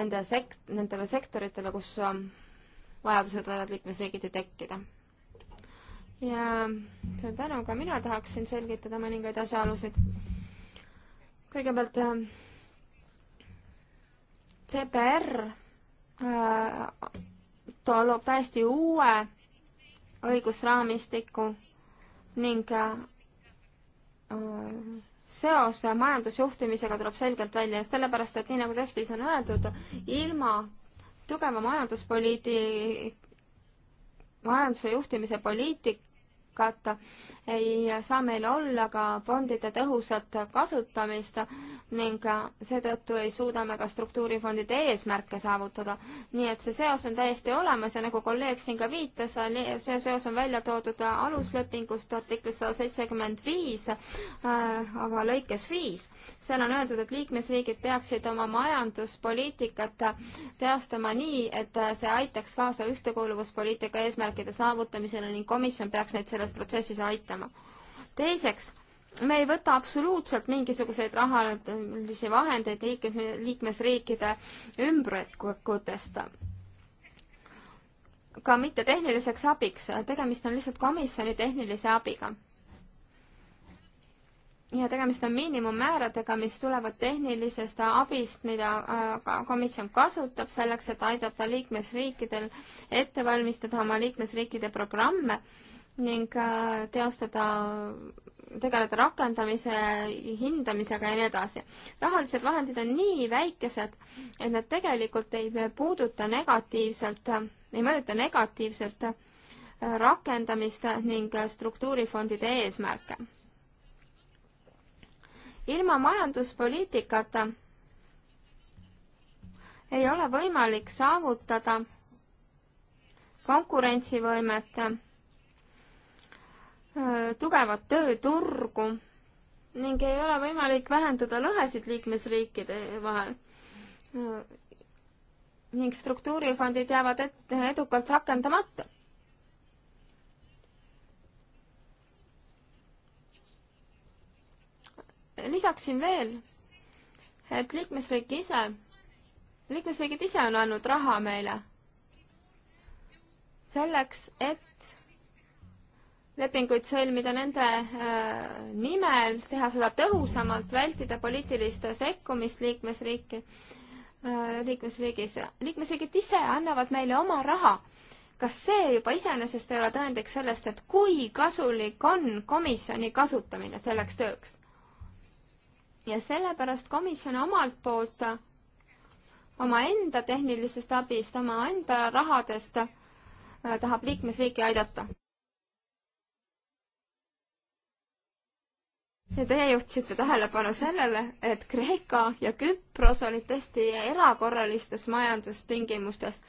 nende sekt-, nendele sektoritele, kus vajadused võivad liikmesriigiti tekkida ja suur tänu, ka mina tahaksin selgitada mõningaid asjaolusid. kõigepealt CPR äh, äh too loob täiesti uue õigusraamistiku ning äh, seos majandusjuhtimisega tuleb selgelt välja, sellepärast et nii nagu tekstis on öeldud, ilma tugeva majanduspoliiti-, majanduse juhtimise poliitik-, katta, ei saa meil olla ka fondide tõhusat kasutamist ning seetõttu ei suuda me ka struktuurifondide eesmärke saavutada. nii et see seos on täiesti olemas ja nagu kolleeg siin ka viitas, see seos on välja toodud aluslepingust artiklis sada seitsekümmend viis, äh, aga lõikes viis. seal on öeldud, et liikmesriigid peaksid oma majanduspoliitikat teostama nii, et see aitaks kaasa ühtekuuluvuspoliitika eesmärkide saavutamisele ning komisjon peaks neid selle selles protsessis aitama. teiseks, me ei võta absoluutselt mingisuguseid rahalisi vahendeid liikmes, liikmesriikide ümbrikutest ka mitte tehniliseks abiks, tegemist on lihtsalt komisjoni tehnilise abiga. ja tegemist on miinimummääradega, mis tulevad tehnilisest abist, mida äh, komisjon kasutab selleks, et aidata liikmesriikidel ette valmistada oma liikmesriikide programme ning äh, teostada, tegeleda rakendamise, hindamisega ja nii edasi. rahalised vahendid on nii väikesed, et nad tegelikult ei puuduta negatiivselt, ei mõjuta negatiivselt äh, rakendamist ning struktuurifondide eesmärke. ilma majanduspoliitikata ei ole võimalik saavutada konkurentsivõimet Äh, tugevat tööturgu ning ei ole võimalik vähendada lõhesid liikmesriikide vahel. Äh, ning struktuurifondid jäävad ette edukalt rakendamata. lisaksin veel, et liikmesriik ise, liikmesriigid ise on andnud raha meile selleks, et lepinguid sõlmida nende äh, nimel, teha seda tõhusamalt, vältida poliitilist sekkumist liikmesriiki äh,, liikmesriigis. liikmesriigid ise annavad meile oma raha. kas see juba iseenesest ei ole tõendiks sellest, et kui kasulik on komisjoni kasutamine selleks tööks? ja sellepärast komisjon omalt poolt omaenda tehnilisest abist, omaenda rahadest äh, tahab liikmesriiki aidata ja teie juhtisite tähelepanu sellele, et Kreeka ja Küpros olid tõesti erakorralistes majandustingimustes.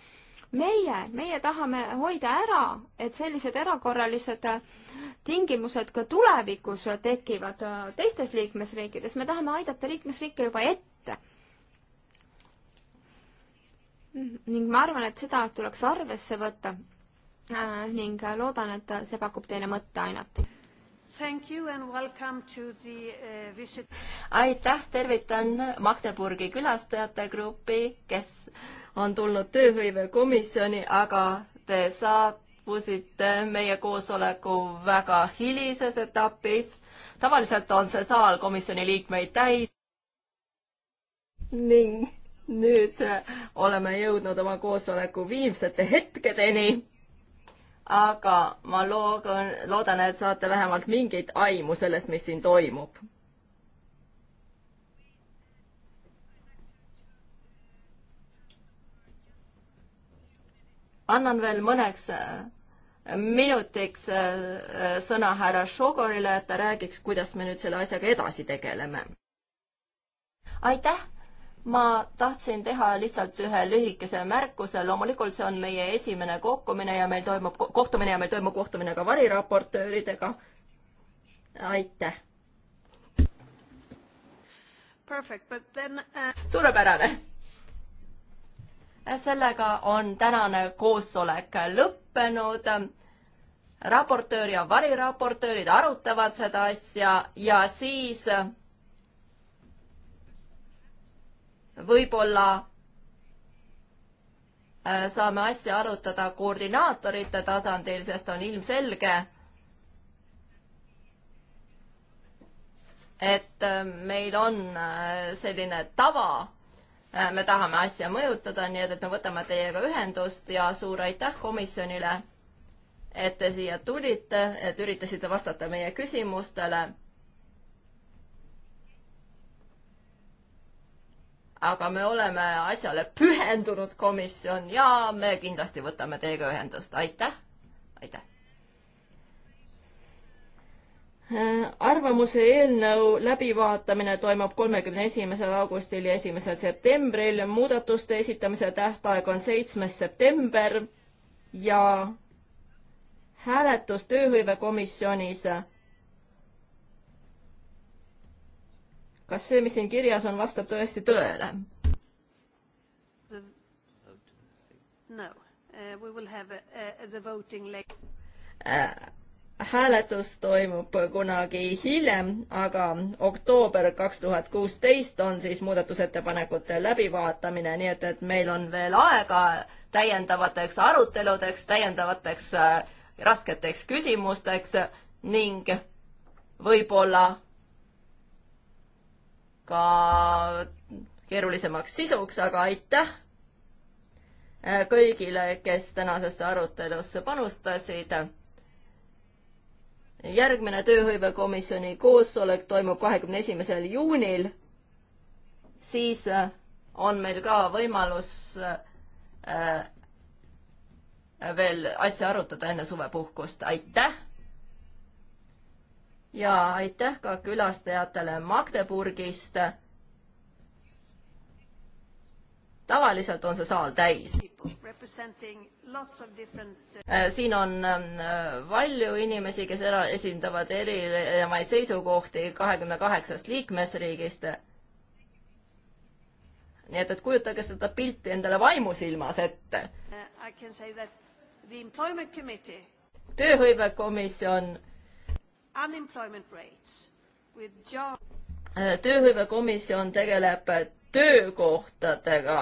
meie, meie tahame hoida ära, et sellised erakorralised tingimused ka tulevikus tekivad teistes liikmesriikides, me tahame aidata liikmesriike juba ette. ning ma arvan, et seda tuleks arvesse võtta. Äh, ning loodan, et see pakub teile mõtteainet Thank you and welcome to the uh, visit. aitäh, tervitan Magdeburgi külastajate gruppi, kes on tulnud tööhõivekomisjoni, aga te saabusite meie koosoleku väga hilises etapis. tavaliselt on see saal komisjoni liikmeid täis. ning nüüd oleme jõudnud oma koosoleku viimsete hetkedeni aga ma loodan, loodan, et saate vähemalt mingit aimu sellest, mis siin toimub. annan veel mõneks äh, minutiks äh, äh, sõna härra Šogorile, et ta räägiks, kuidas me nüüd selle asjaga edasi tegeleme. aitäh ma tahtsin teha lihtsalt ühe lühikese märkuse, loomulikult see on meie esimene kohtumine ja meil toimub kohtumine ja meil toimub kohtumine ka variraportööridega. aitäh. Then... Uh, suurepärane. sellega on tänane koosolek lõppenud raportöör ja variraportöörid arutavad seda asja ja siis võib-olla äh, saame asja arutada koordinaatorite tasandil, sest on ilmselge, et äh, meil on äh, selline tava, me tahame asja mõjutada, nii et, et me võtame teiega ühendust ja suur aitäh komisjonile, et te siia tulite, et üritasite vastata meie küsimustele aga me oleme asjale pühendunud komisjon ja me kindlasti võtame teiega ühendust, aitäh, aitäh. arvamuse eelnõu läbivaatamine toimub kolmekümne esimesel augustil ja esimesel septembril, muudatuste esitamise tähtaeg on seitsmes september ja hääletus tööhõivekomisjonis kas see, mis siin kirjas on, vastab tõesti tõele? No. Eh, eh, eh, hääletus toimub kunagi hiljem, aga oktoober kaks tuhat kuusteist on siis muudatusettepanekute läbivaatamine, nii et, et meil on veel aega täiendavateks aruteludeks, täiendavateks rasketeks küsimusteks ning võib-olla ka keerulisemaks sisuks, aga aitäh äh, kõigile, kes tänasesse arutelusse panustasid. järgmine tööhõivekomisjoni koosolek toimub kahekümne esimesel juunil. siis äh, on meil ka võimalus äh, veel asja arutada enne suvepuhkust. aitäh! ja aitäh ka külastajatele Magdeburgist. tavaliselt on see saal täis. Äh, siin on ähm, palju inimesi, kes esindavad erinevaid seisukohti kahekümne kaheksast liikmesriigist. nii et, et kujutage seda pilti endale vaimusilmas ette. Uh, tööhõivekomisjon unemployment rates with job äh, tööhõivekomisjon tegeleb töökohtadega,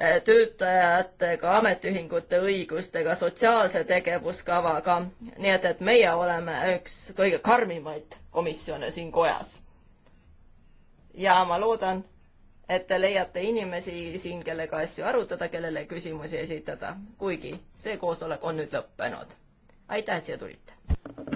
äh, töötajatega, ametiühingute õigustega, sotsiaalse tegevuskavaga, nii et, et meie oleme üks kõige karmimaid komisjone siin kojas. ja ma loodan, et te leiate inimesi siin, kellega asju arutada, kellele küsimusi esitada, kuigi see koosolek on nüüd lõppenud. aitäh, et siia tulite!